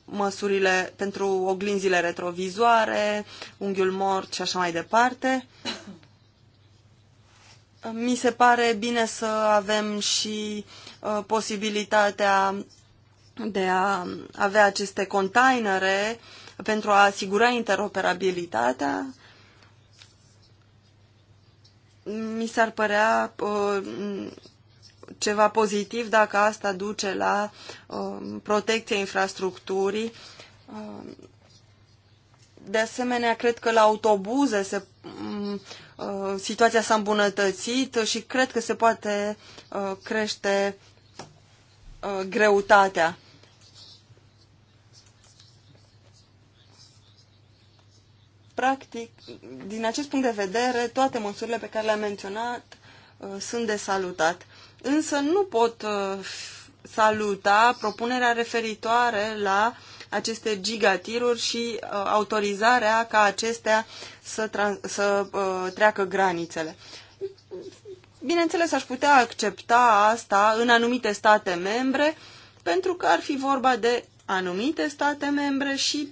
măsurile pentru oglinzile retrovizoare, unghiul mort și așa mai departe. Mi se pare bine să avem și uh, posibilitatea de a avea aceste containere pentru a asigura interoperabilitatea mi s-ar părea uh, ceva pozitiv dacă asta duce la uh, protecția infrastructurii. Uh, de asemenea, cred că la autobuze se, mm, uh, situația s-a îmbunătățit și cred că se poate uh, crește uh, greutatea. Practic, din acest punct de vedere, toate măsurile pe care le-am menționat uh, sunt de salutat. Însă nu pot uh, saluta propunerea referitoare la aceste gigatiruri și uh, autorizarea ca acestea să, să uh, treacă granițele. Bineînțeles, aș putea accepta asta în anumite state membre, pentru că ar fi vorba de anumite state membre și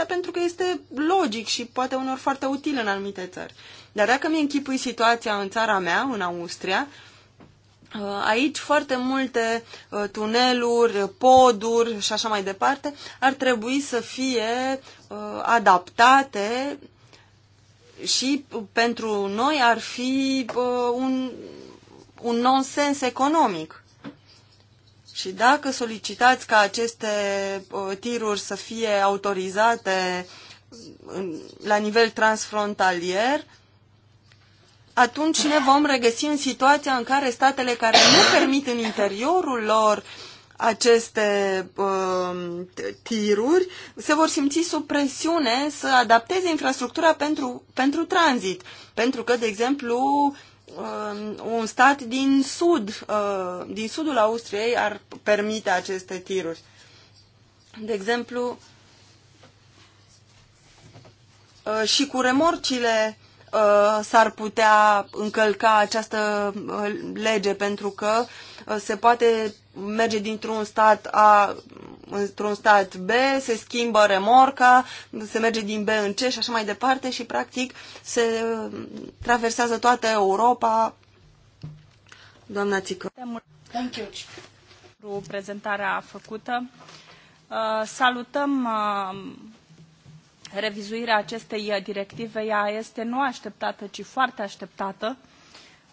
asta pentru că este logic și poate unor foarte util în anumite țări. Dar dacă mi închipui situația în țara mea, în Austria, uh, aici foarte multe uh, tuneluri, poduri și așa mai departe ar trebui să fie uh, adaptate și pentru noi ar fi un, un nonsens economic și dacă solicitați ca aceste uh, tiruri să fie autorizate la nivel transfrontalier, atunci ne vom regăsi în situația în care statele care nu permit în interiorul lor aceste uh, tiruri se vor simți sub presiune să adapteze infrastructura pentru, pentru tranzit. Pentru că, de exemplu, Uh, un stat din sud, uh, din sudul Austriei ar permite aceste tiruri. De exemplu, uh, și cu remorcile s-ar putea încălca această lege pentru că se poate merge dintr-un stat a într-un stat B, se schimbă remorca, se merge din B în C și așa mai departe și practic se uh, traversează toată Europa. Doamna Țică. Thank you pentru prezentarea făcută. Uh, salutăm uh, revizuirea acestei directive. Ea este nu așteptată, ci foarte așteptată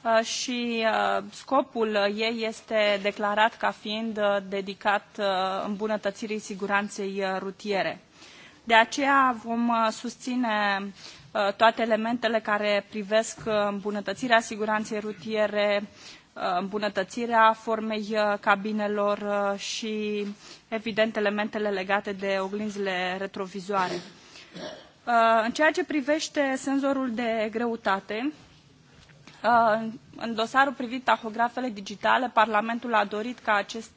Uh, și uh, scopul ei este declarat ca fiind uh, dedicat îmbunătățirii siguranței rutiere. De aceea vom susține toate elementele care privesc îmbunătățirea siguranței rutiere, îmbunătățirea formei cabinelor și, evident, elementele legate de oglinzile retrovizoare. În ceea ce privește senzorul de greutate, Uh, în dosarul privind tahografele digitale, Parlamentul a dorit ca acest,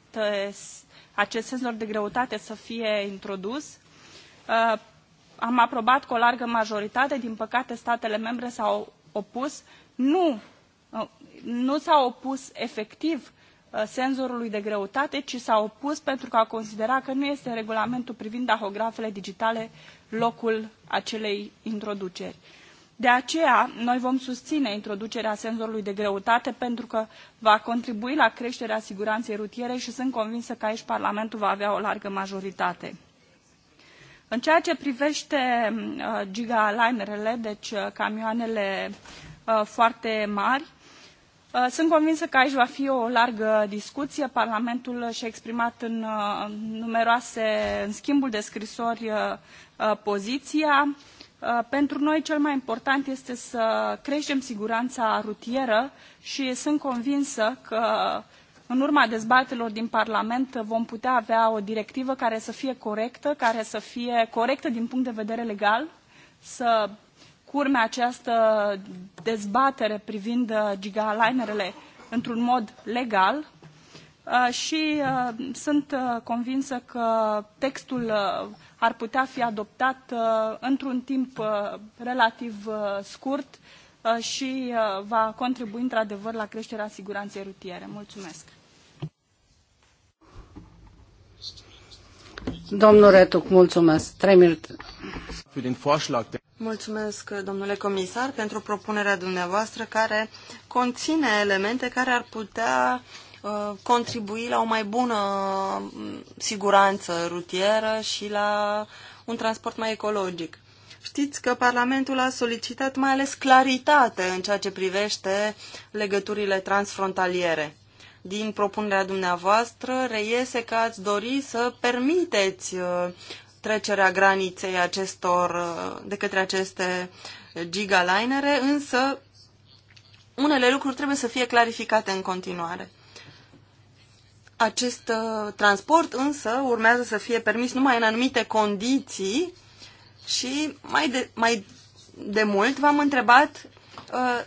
acest senzor de greutate să fie introdus. Uh, am aprobat cu o largă majoritate, din păcate statele membre s-au opus. Nu, uh, nu s-au opus efectiv senzorului de greutate, ci s au opus pentru că a considerat că nu este în regulamentul privind tahografele digitale locul acelei introduceri. De aceea, noi vom susține introducerea senzorului de greutate pentru că va contribui la creșterea siguranței rutiere și sunt convinsă că aici Parlamentul va avea o largă majoritate. În ceea ce privește uh, gigalinerele, deci uh, camioanele uh, foarte mari, sunt convinsă că aici va fi o largă discuție. Parlamentul și-a exprimat în numeroase, în schimbul de scrisori, poziția. Uh, pentru noi cel mai important este să creștem siguranța rutieră și sunt convinsă că în urma dezbaterilor din Parlament vom putea avea o directivă care să fie corectă, care să fie corectă din punct de vedere legal, să curme această dezbatere privind uh, gigalinerele într-un mod legal uh, și sunt convinsă că textul ar putea fi adoptat uh, într-un timp uh, relativ uh, scurt și va contribui într-adevăr la creșterea siguranței rutiere. Mulțumesc! Domnul Retuc, mulțumesc. Trei minute. Mulțumesc, domnule comisar, pentru propunerea dumneavoastră care conține elemente care ar putea uh, Uh, contribui la o mai bună mm, siguranță rutieră și la un transport mai ecologic. Știți că Parlamentul a solicitat mai ales claritate în ceea ce privește legăturile transfrontaliere. Din propunerea dumneavoastră reiese că ați dori să permiteți uh, trecerea graniței acestor, uh, de către aceste gigalinere, însă unele lucruri trebuie să fie clarificate în continuare. Acest uh, transport însă urmează să fie permis numai în anumite condiții și mai de, mai de mult v-am întrebat uh,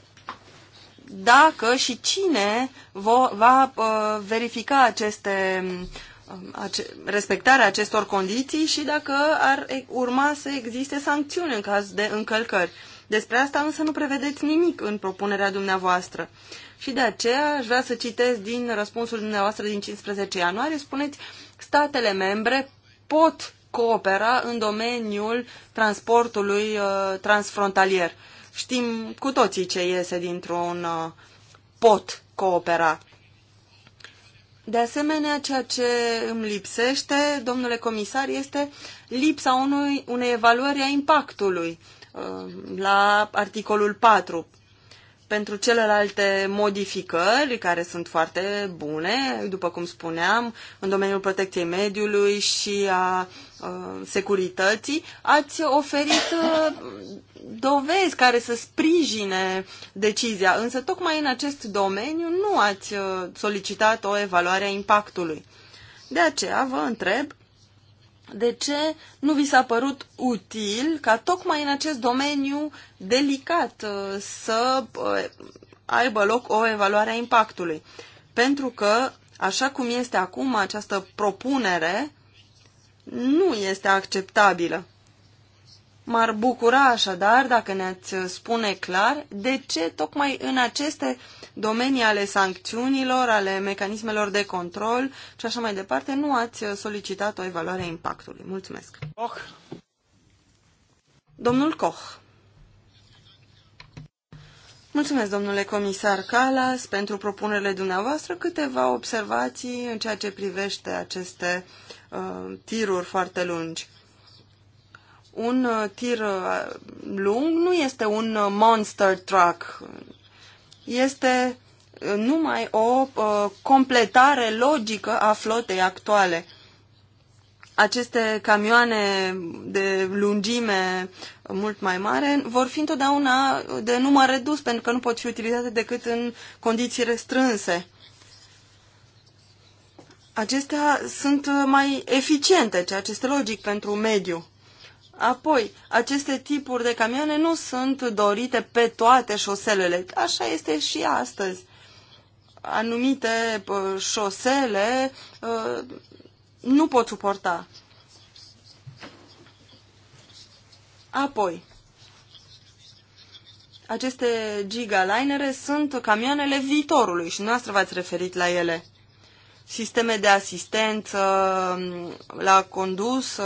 dacă și cine vo, va uh, verifica aceste um, ace, respectarea acestor condiții și dacă ar urma să existe sancțiuni în caz de încălcări. Uh, despre asta însă nu prevedeți nimic în propunerea dumneavoastră. Și de aceea aș vrea să citesc din răspunsul dumneavoastră din 15 ianuarie, spuneți, statele membre pot coopera în domeniul transportului uh, transfrontalier. Știm cu toții ce iese dintr-un uh, pot coopera. De asemenea, ceea ce îmi lipsește, domnule comisar, este lipsa unui, unei evaluări a impactului. Uh, la articolul 4. Pentru celelalte modificări, care sunt foarte bune, după cum spuneam, în domeniul protecției mediului și a uh, securității, ați oferit uh, dovezi care să sprijine decizia, însă tocmai în acest domeniu nu ați solicitat o evaluare a impactului. De aceea vă întreb de ce nu vi s-a părut util ca tocmai în acest domeniu delicat uh, să uh, aibă loc o evaluare a impactului. Pentru că, așa cum este acum această propunere, nu este acceptabilă. M-ar bucura așadar dacă ne-ați spune clar de ce tocmai în aceste domenii ale sancțiunilor, ale mecanismelor de control și așa mai departe, nu ați solicitat o evaluare a impactului. Mulțumesc. Oh. Domnul Koch. Mulțumesc, domnule comisar Calas, pentru propunerile dumneavoastră. Câteva observații în ceea ce privește aceste uh, tiruri foarte lungi. Un uh, tir uh, lung nu este un uh, monster truck, este uh, numai o uh, completare logică a flotei actuale. Aceste camioane de lungime mult mai mare vor fi întotdeauna de număr redus pentru că nu pot fi utilizate decât în condiții restrânse. Acestea sunt mai eficiente, ceea ce este logic pentru mediu. Apoi, aceste tipuri de camioane nu sunt dorite pe toate șoselele. Așa este și astăzi. Anumite șosele ă, nu pot suporta. Apoi, aceste gigalinere sunt camioanele viitorului și noastră v-ați referit la ele sisteme de asistență la condus,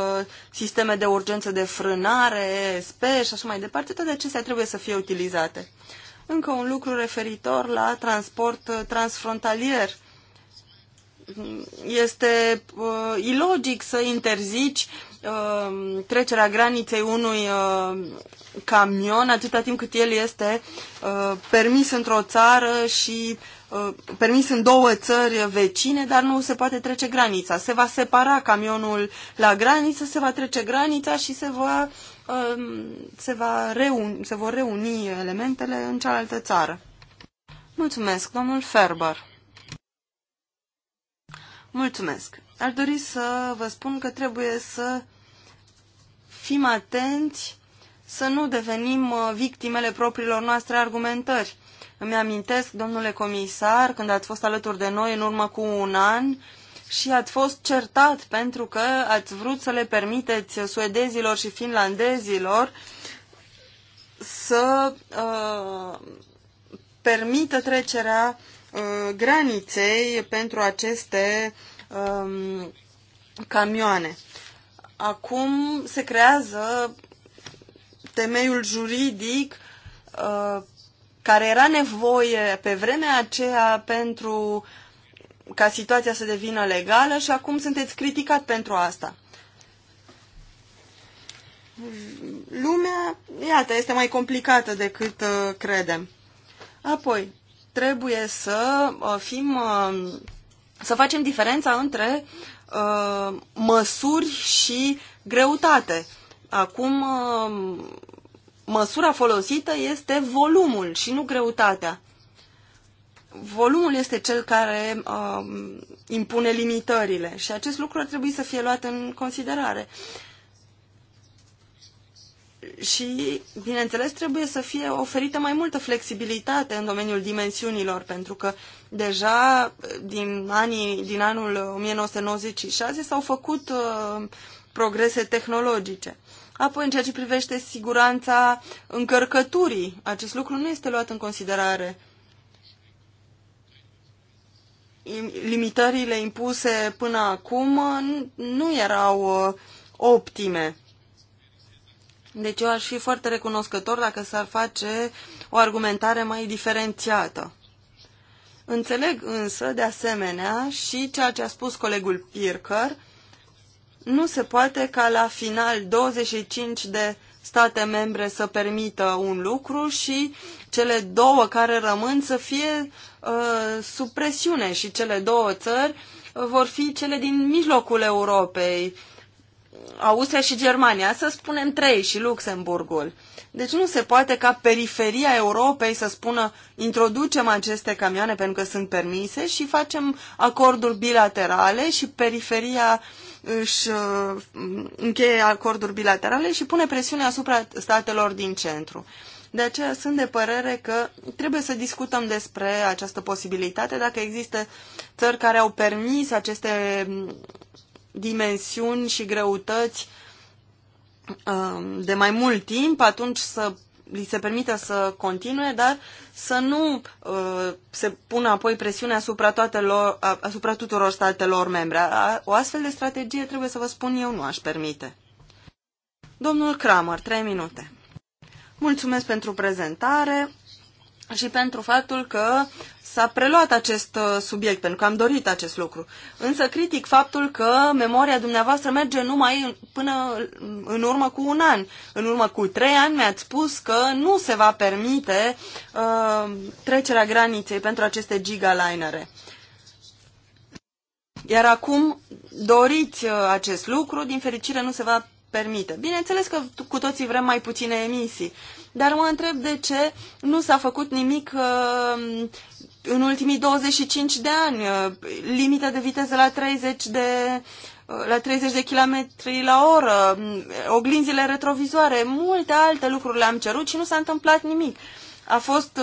sisteme de urgență de frânare, spe și așa mai departe, toate acestea trebuie să fie utilizate. Încă un lucru referitor la transport transfrontalier. Este uh, ilogic să interzici uh, trecerea graniței unui uh, camion atâta timp cât el este uh, permis într-o țară și uh, Uh, permis în două țări vecine, dar nu se poate trece granița. Se va separa camionul la graniță, se va trece granița și se, va, um, se, va reuni, se vor reuni elementele în cealaltă țară. Mulțumesc, domnul Ferber. Mulțumesc. Aș dori să vă spun că trebuie să fim atenți să nu devenim uh, victimele propriilor noastre argumentări îmi amintesc, domnule comisar, când ați fost alături de noi în urmă cu un an și ați fost certat pentru că ați vrut să le permiteți suedezilor și finlandezilor să uh, permită trecerea uh, graniței pentru aceste um, camioane. Acum se creează temeiul juridic uh, care era nevoie pe vremea aceea pentru ca situația să devină legală și acum sunteți criticat pentru asta. Lumea, iată, este mai complicată decât uh, credem. Apoi, trebuie să uh, fim, uh, să facem diferența între uh, măsuri și greutate. Acum, uh, măsura folosită este volumul și nu greutatea. Volumul este cel care uh, impune limitările și acest lucru ar trebui să fie luat în considerare. Și, bineînțeles, trebuie să fie oferită mai multă flexibilitate în domeniul dimensiunilor, pentru că deja din, anii, din anul 1996 s-au făcut uh, progrese tehnologice Apoi, în ceea ce privește siguranța încărcăturii, acest lucru nu este luat în considerare. Limitările impuse până acum nu erau uh, optime. Deci eu aș fi foarte recunoscător dacă s-ar face o argumentare mai diferențiată. Înțeleg însă, de asemenea, și ceea ce a spus colegul Pircăr nu se poate ca la final 25 de state membre să permită un lucru și cele două care rămân să fie uh, sub presiune și cele două țări uh, vor fi cele din mijlocul Europei, Austria și Germania, să spunem trei și Luxemburgul. Deci nu se poate ca periferia Europei să spună introducem aceste camioane pentru că sunt permise și facem acorduri bilaterale și periferia își uh, încheie acorduri bilaterale și pune presiune asupra statelor din centru. De aceea sunt de părere că trebuie să discutăm despre această posibilitate, dacă există țări care au permis aceste dimensiuni și greutăți um, de mai mult timp, atunci să li se permită să continue, dar să nu uh, se pună apoi presiune asupra, toatelor, asupra tuturor statelor membre. O astfel de strategie, trebuie să vă spun, eu nu aș permite. Domnul Kramer, trei minute. Mulțumesc pentru prezentare și pentru faptul că s-a preluat acest uh, subiect, pentru că am dorit acest lucru. Însă critic faptul că memoria dumneavoastră merge numai până în urmă cu un an. În urmă cu trei ani mi-ați spus că nu se va permite uh, trecerea graniței pentru aceste gigalinere. Iar acum doriți uh, acest lucru, din fericire nu se va permite. Bineînțeles că cu toții vrem mai puține emisii, dar mă întreb de ce nu s-a făcut nimic uh, în ultimii 25 de ani, uh, limita de viteză la 30 de uh, la 30 de km la oră, mm, oglinzile retrovizoare, multe alte lucruri le-am cerut și nu s-a întâmplat nimic. A fost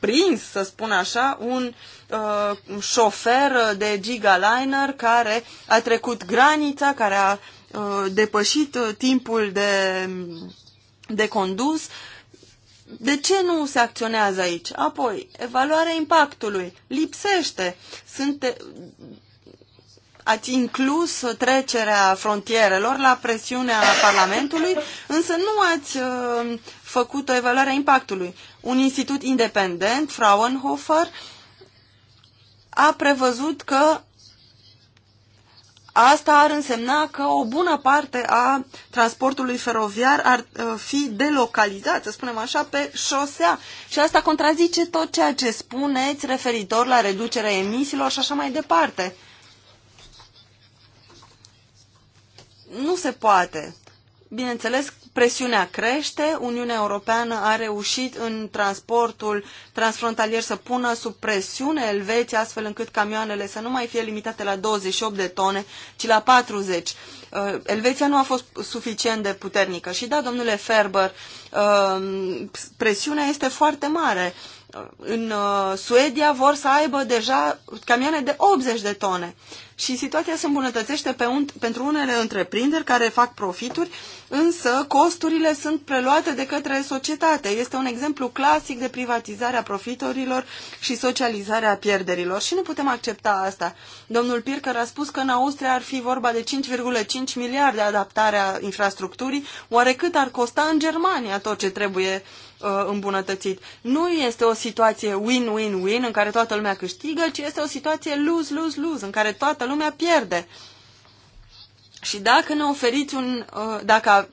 prins, să spun așa, un uh, șofer de gigaliner care a trecut granița, care a uh, depășit timpul de de condus. De ce nu se acționează aici? Apoi, evaluarea impactului lipsește. Sunt, ați inclus trecerea frontierelor la presiunea Parlamentului, însă nu ați uh, făcut o evaluare a impactului. Un institut independent, Fraunhofer, a prevăzut că Asta ar însemna că o bună parte a transportului feroviar ar uh, fi delocalizat, să spunem așa, pe șosea. Și asta contrazice tot ceea ce spuneți referitor la reducerea emisiilor și așa mai departe. Nu se poate. Bineînțeles, presiunea crește, Uniunea Europeană a reușit în transportul transfrontalier să pună sub presiune Elveția, astfel încât camioanele să nu mai fie limitate la 28 de tone, ci la 40. Uh, Elveția nu a fost suficient de puternică. Și da, domnule Ferber, uh, presiunea este foarte mare în uh, Suedia vor să aibă deja camioane de 80 de tone. Și situația se îmbunătățește pe un, pentru unele întreprinderi care fac profituri, însă costurile sunt preluate de către societate. Este un exemplu clasic de privatizarea profiturilor și socializarea pierderilor. Și nu putem accepta asta. Domnul Pircăr a spus că în Austria ar fi vorba de 5,5 miliarde de adaptare a infrastructurii, oare cât ar costa în Germania tot ce trebuie uh, uh, îmbunătățit. Nu este o situație win-win-win în care toată lumea câștigă, ci este o situație lose-lose-lose în care toată lumea pierde. Și dacă ne oferiți un, uh, dacă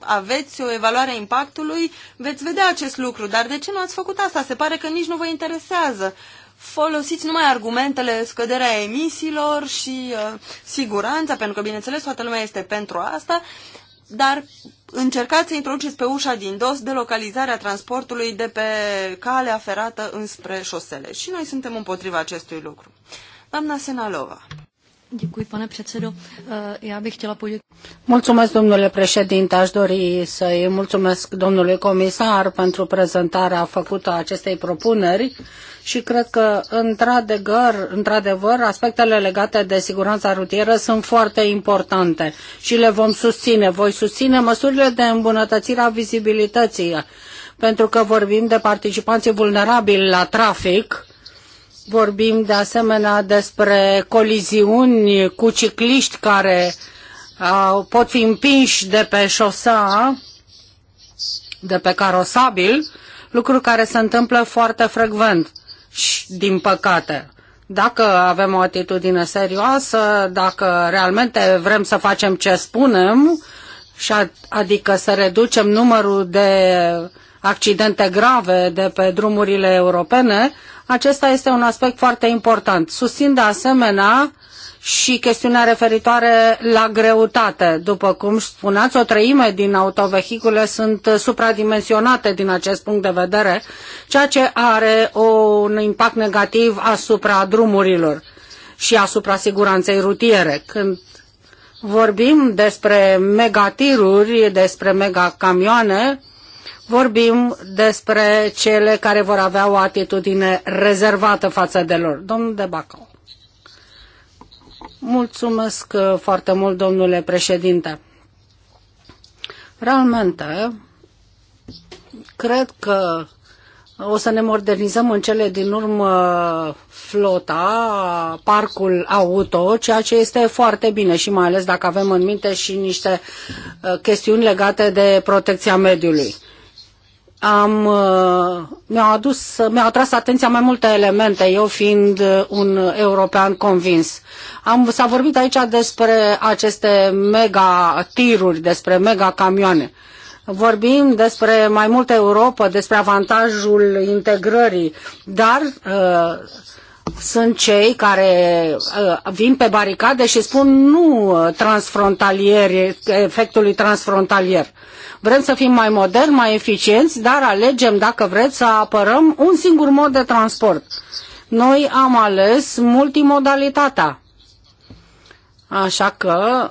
aveți o evaluare a impactului, veți vedea acest lucru. Dar de ce nu ați făcut asta? Se pare că nici nu vă interesează. Folosiți numai argumentele scăderea emisiilor și uh, siguranța, pentru că, bineînțeles, toată lumea este pentru asta, dar încercați să introduceți pe ușa din dos de localizarea transportului de pe calea ferată înspre șosele. Și noi suntem împotriva acestui lucru. Doamna Senalova. Děkuji, pane předsedo. Eh, já bych chtěla poděkovat. Mulțumesc, domnule președinte. Aș dori să-i mulțumesc domnului comisar pentru prezentarea făcută a acestei propuneri și cred că, într-adevăr, într-adevăr, aspectele legate de siguranța rutieră sunt foarte importante și le vom susține. Voi susține măsurile de îmbunătățire a vizibilității, pentru că vorbim de participanții vulnerabili la trafic, Vorbim de asemenea despre coliziuni cu cicliști care uh, pot fi împinși de pe șosea, de pe carosabil, lucru care se întâmplă foarte frecvent, și, din păcate. Dacă avem o atitudine serioasă, dacă realmente vrem să facem ce spunem, și adică să reducem numărul de uh, accidente grave de pe drumurile europene, acesta este un aspect foarte important. Susțin de asemenea și chestiunea referitoare la greutate. După cum spuneați, o treime din autovehicule sunt supradimensionate din acest punct de vedere, ceea ce are un impact negativ asupra drumurilor și asupra siguranței rutiere. Când vorbim despre megatiruri, despre megacamioane, Vorbim despre cele care vor avea o atitudine rezervată față de lor. Domnul de Bacau. Mulțumesc uh, foarte mult, domnule președinte. Realmente, cred că o să ne modernizăm în cele din urmă flota, parcul auto, ceea ce este foarte bine și mai ales dacă avem în minte și niște uh, chestiuni legate de protecția mediului am, uh, mi-au adus, mi-au atras atenția mai multe elemente, eu fiind un european convins. Am, s-a vorbit aici despre aceste mega tiruri, despre mega camioane. Vorbim despre mai multă Europa, despre avantajul integrării, dar uh, sunt cei care uh, vin pe baricade și spun nu transfrontalier, efectului transfrontalier. Uh, Vrem să fim mai moderni, mai eficienți, dar alegem, dacă vreți, să apărăm un singur mod de transport. Noi am ales multimodalitatea. Așa că,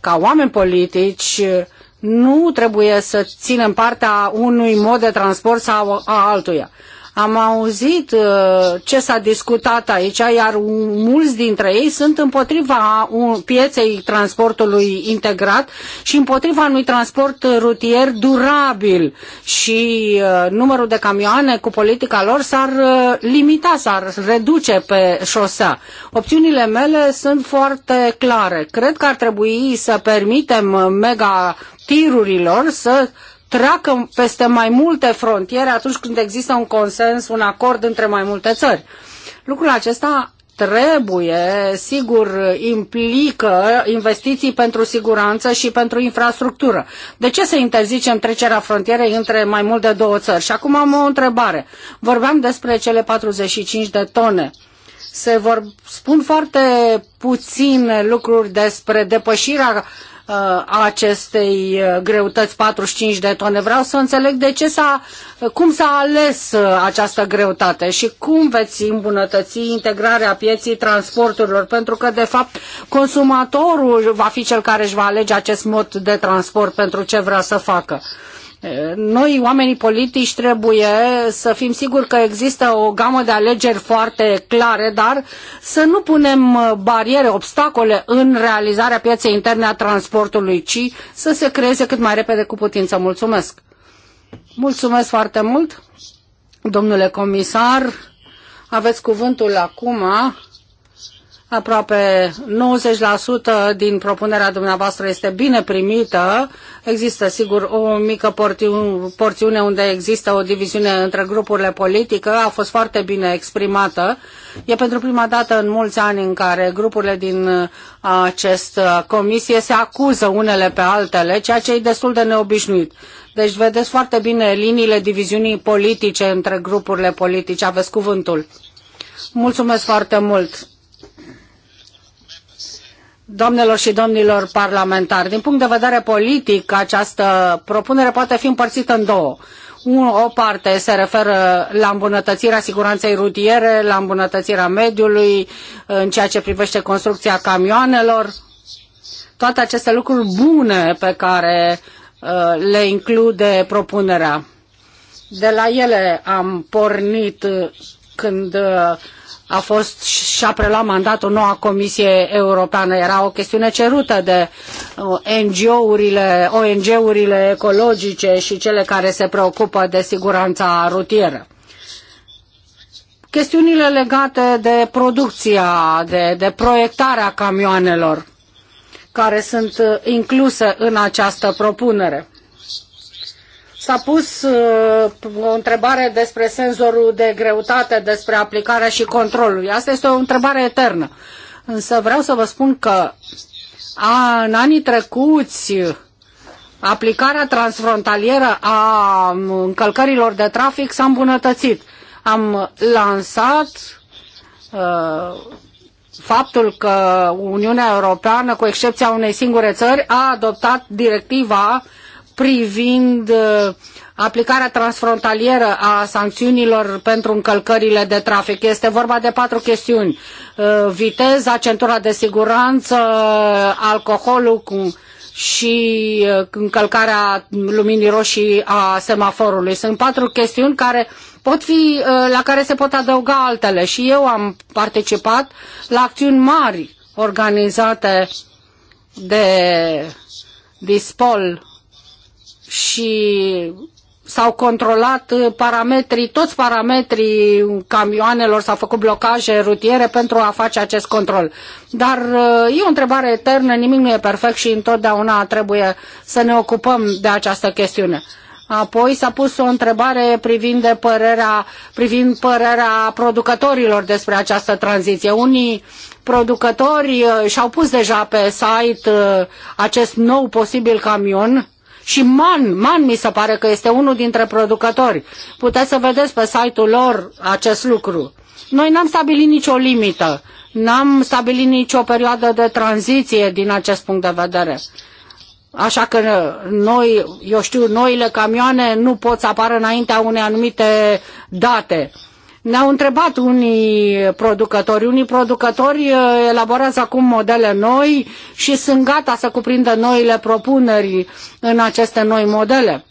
ca oameni politici, nu trebuie să ținem partea unui mod de transport sau a altuia. Am auzit uh, ce s-a discutat aici, iar mulți dintre ei sunt împotriva pieței transportului integrat și împotriva unui transport rutier durabil și uh, numărul de camioane cu politica lor s-ar uh, limita, s-ar reduce pe șosea. Opțiunile mele sunt foarte clare. Cred că ar trebui să permitem mega tirurilor să treacă peste mai multe frontiere atunci când există un consens, un acord între mai multe țări. Lucrul acesta trebuie, sigur, implică investiții pentru siguranță și pentru infrastructură. De ce să interzicem trecerea frontierei între mai mult de două țări? Și acum am o întrebare. Vorbeam despre cele 45 de tone. Se vor spun foarte puține lucruri despre depășirea uh, Uh, acestei uh, greutăți 45 de tone. Vreau să înțeleg de ce s-a, cum s-a ales uh, această greutate și cum veți îmbunătăți integrarea pieții transporturilor, pentru că, de fapt, consumatorul va fi cel care își va alege acest mod de transport pentru ce vrea să facă. Noi, oamenii politici, trebuie să fim siguri că există o gamă de alegeri foarte clare, dar să nu punem bariere, obstacole în realizarea pieței interne a transportului, ci să se creeze cât mai repede cu putință. Mulțumesc! Mulțumesc foarte mult, domnule comisar. Aveți cuvântul acum aproape 90% din propunerea dumneavoastră este bine primită. Există, sigur, o mică porțiune unde există o diviziune între grupurile politică, a fost foarte bine exprimată. E pentru prima dată în mulți ani în care grupurile din uh, acest uh, comisie se acuză unele pe altele, ceea ce e destul de neobișnuit. Deci vedeți foarte bine liniile diviziunii politice între grupurile politice. Aveți cuvântul. Mulțumesc foarte mult doamnelor și domnilor parlamentari. Din punct de vedere politic, această propunere poate fi împărțită în două. O parte se referă la îmbunătățirea siguranței rutiere, la îmbunătățirea mediului, în ceea ce privește construcția camioanelor. Toate aceste lucruri bune pe care uh, le include propunerea. De la ele am pornit când uh, a fost și-a preluat mandatul noua Comisie Europeană. Era o chestiune cerută de uh, NGO-urile, ONG-urile ecologice și cele care se preocupă de siguranța rutieră. Chestiunile legate de producția, de, de proiectarea camioanelor, care sunt uh, incluse în această propunere. S-a pus uh, o întrebare despre senzorul de greutate, despre aplicarea și controlul. Asta este o întrebare eternă. Însă vreau să vă spun că a, în anii trecuți aplicarea transfrontalieră a um, încălcărilor de trafic s-a îmbunătățit. Am lansat uh, faptul că Uniunea Europeană, cu excepția unei singure țări, a adoptat directiva uh, privind uh, aplicarea transfrontalieră a sancțiunilor pentru încălcările de trafic. Este vorba de patru chestiuni. Uh, viteza, centura de siguranță, alcoolul și uh, încălcarea luminii roșii a semaforului. Sunt patru chestiuni care pot fi, la care se pot adăuga altele și eu am participat la acțiuni mari organizate de Dispol și s-au controlat uh, parametrii, toți parametrii camioanelor, s-au făcut blocaje rutiere pentru a face acest control. Dar uh, e o întrebare eternă, nimic nu e perfect și întotdeauna trebuie să ne ocupăm de această chestiune. Apoi s-a pus o întrebare privind, de părerea, privind părerea producătorilor despre această tranziție. Unii producători uh, și-au pus deja pe site acest nou posibil camion și MAN, MAN mi se pare că este unul dintre producători. Puteți să vedeți pe site-ul lor acest lucru. Noi n-am stabilit nicio limită, n-am stabilit nicio perioadă de tranziție din acest punct de vedere. Așa că noi, eu știu, noile camioane nu pot să apară înaintea unei anumite date. Ne-au întrebat unii producători. Unii producători uh, elaborează acum modele noi și sunt gata să cuprindă noile propuneri în aceste noi modele.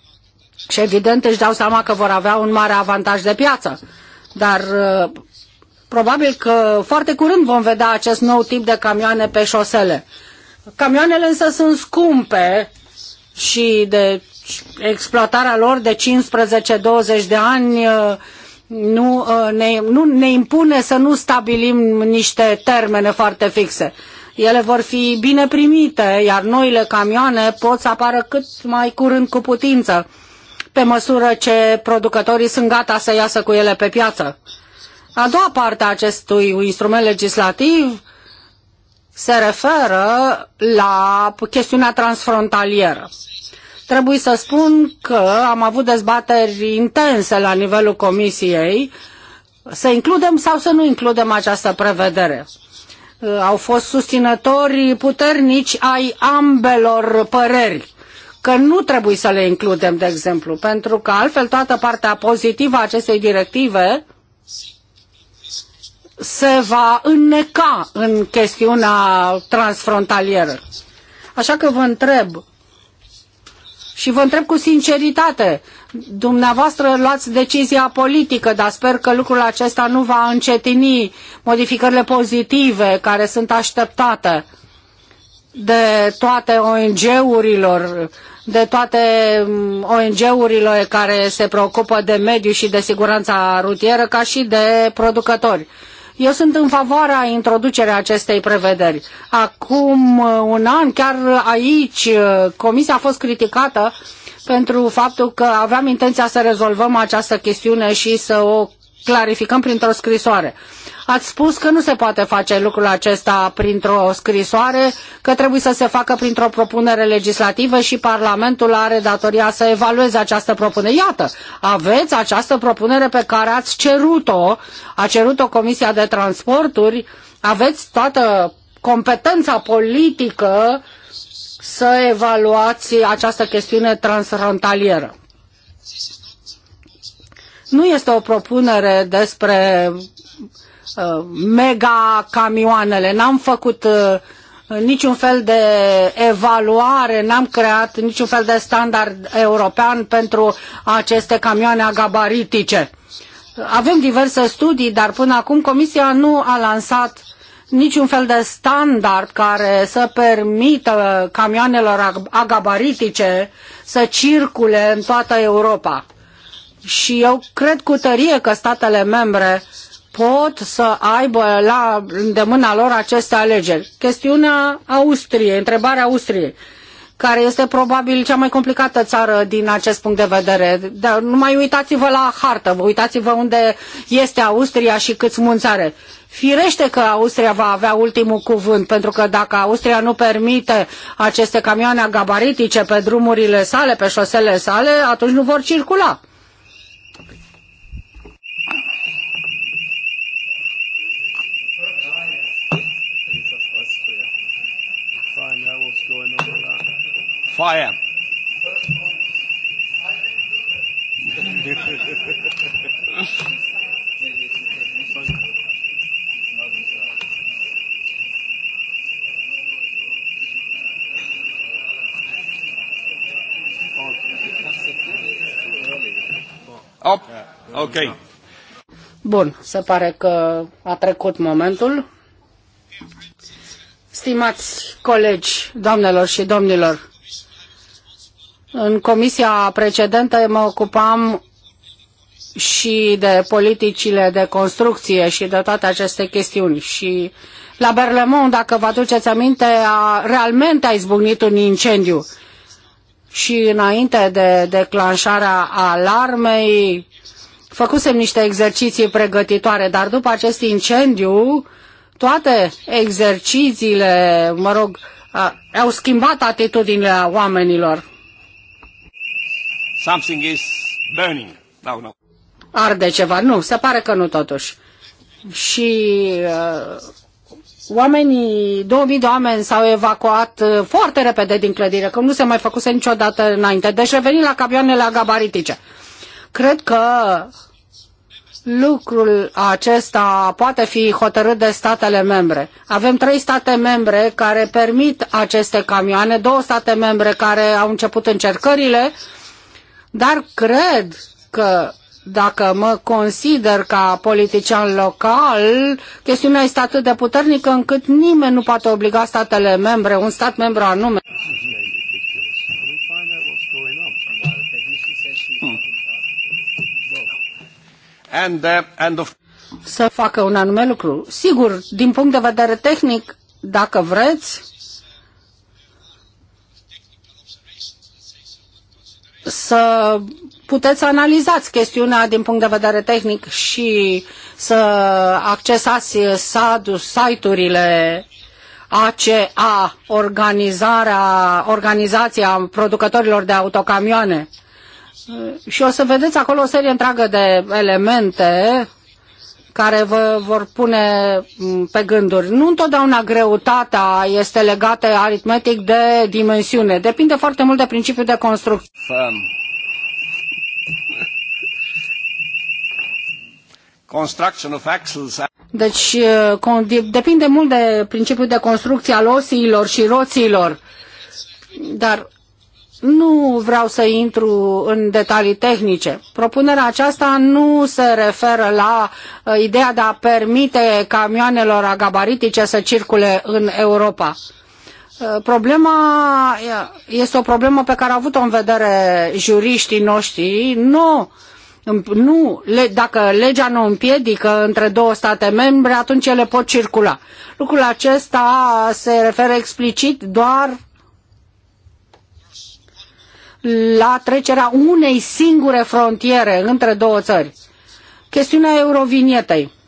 Și evident își dau seama că vor avea un mare avantaj de piață. Dar uh, probabil că foarte curând vom vedea acest nou tip de camioane pe șosele. Camioanele însă sunt scumpe și de exploatarea lor de 15-20 de ani uh, nu uh, ne, nu ne impune să nu stabilim niște termene foarte fixe. Ele vor fi bine primite, iar noile camioane pot să apară cât mai curând cu putință, pe măsură ce producătorii sunt gata să iasă cu ele pe piață. A doua parte a acestui instrument legislativ se referă la chestiunea transfrontalieră. Trebuie să spun că am avut dezbateri intense la nivelul comisiei să includem sau să nu includem această prevedere. Uh, au fost susținători puternici ai ambelor păreri că nu trebuie să le includem, de exemplu, pentru că altfel toată partea pozitivă a acestei directive se va înneca în chestiunea transfrontalieră. Așa că vă întreb, și vă întreb cu sinceritate, dumneavoastră luați decizia politică, dar sper că lucrul acesta nu va încetini modificările pozitive care sunt așteptate de toate ONG-urilor, de toate mm, ONG-urile care se preocupă de mediu și de siguranța rutieră, ca și de producători. Eu sunt în favoarea introducerea acestei prevederi. Acum uh, un an, chiar aici, uh, comisia a fost criticată pentru faptul că aveam intenția să rezolvăm această chestiune și să o clarificăm printr-o scrisoare. Ați spus că nu se poate face lucrul acesta printr-o scrisoare, că trebuie să se facă printr-o propunere legislativă și Parlamentul are datoria să evalueze această propunere. Iată, aveți această propunere pe care ați cerut-o, a cerut-o Comisia de Transporturi, aveți toată competența politică să evaluați această chestiune transfrontalieră. Nu este o propunere despre uh, mega camioanele. N-am făcut uh, niciun fel de evaluare, n-am creat niciun fel de standard european pentru aceste camioane agabaritice. Avem diverse studii, dar până acum Comisia nu a lansat niciun fel de standard care să permită camioanelor agabaritice să circule în toată Europa și eu cred cu tărie că statele membre pot să aibă la îndemâna lor aceste alegeri. Chestiunea Austriei, întrebarea Austriei, care este probabil cea mai complicată țară din acest punct de vedere. Dar nu mai uitați-vă la hartă, uitați-vă unde este Austria și câți munți are. Firește că Austria va avea ultimul cuvânt, pentru că dacă Austria nu permite aceste camioane gabaritice pe drumurile sale, pe șosele sale, atunci nu vor circula. fire. Op. Ok. Bun, se pare că a trecut momentul. Stimați colegi, doamnelor și domnilor, în comisia precedentă mă ocupam și de politicile de construcție și de toate aceste chestiuni. Și la Berlemont, dacă vă aduceți aminte, a, realmente a izbucnit un incendiu. Și înainte de declanșarea alarmei, făcusem niște exerciții pregătitoare, dar după acest incendiu, toate exercițiile, mă rog, a, au schimbat atitudinile oamenilor. Something is burning. No, no. Arde ceva. Nu, se pare că nu totuși. Și uh, oamenii, 2000 de oameni s-au evacuat uh, foarte repede din clădire, că nu se mai făcuse niciodată înainte. Deci revenim la camioanele gabaritice. Cred că lucrul acesta poate fi hotărât de statele membre. Avem trei state membre care permit aceste camioane, două state membre care au început încercările, uh, dar cred că dacă mă consider ca politician local, chestiunea este atât de puternică încât nimeni nu poate obliga statele membre, un stat membru anume. And, uh, and of... Să facă un anume lucru. Sigur, din punct de vedere tehnic, dacă vreți, să puteți să analizați chestiunea din punct de vedere tehnic și să accesați site-urile ACA, organizarea, Organizația Producătorilor de Autocamioane. Și o să vedeți acolo o serie întreagă de elemente care vă vor pune mm, pe gânduri. Nu întotdeauna greutatea este legată aritmetic de dimensiune. Depinde foarte mult de principiul de construcție. Deci depinde mult de principiul de construcție al osiilor și roților. Dar nu vreau să intru în detalii tehnice. Propunerea aceasta nu se referă la uh, ideea de a permite camioanelor agabaritice să circule în Europa. Uh, problema uh, este o problemă pe care au avut-o în vedere juriștii noștri. Nu, nu le, dacă legea nu împiedică între două state membre, atunci ele pot circula. Lucrul acesta se referă explicit doar la trecerea unei singure frontiere între două țări. Chestiunea eurovinietei.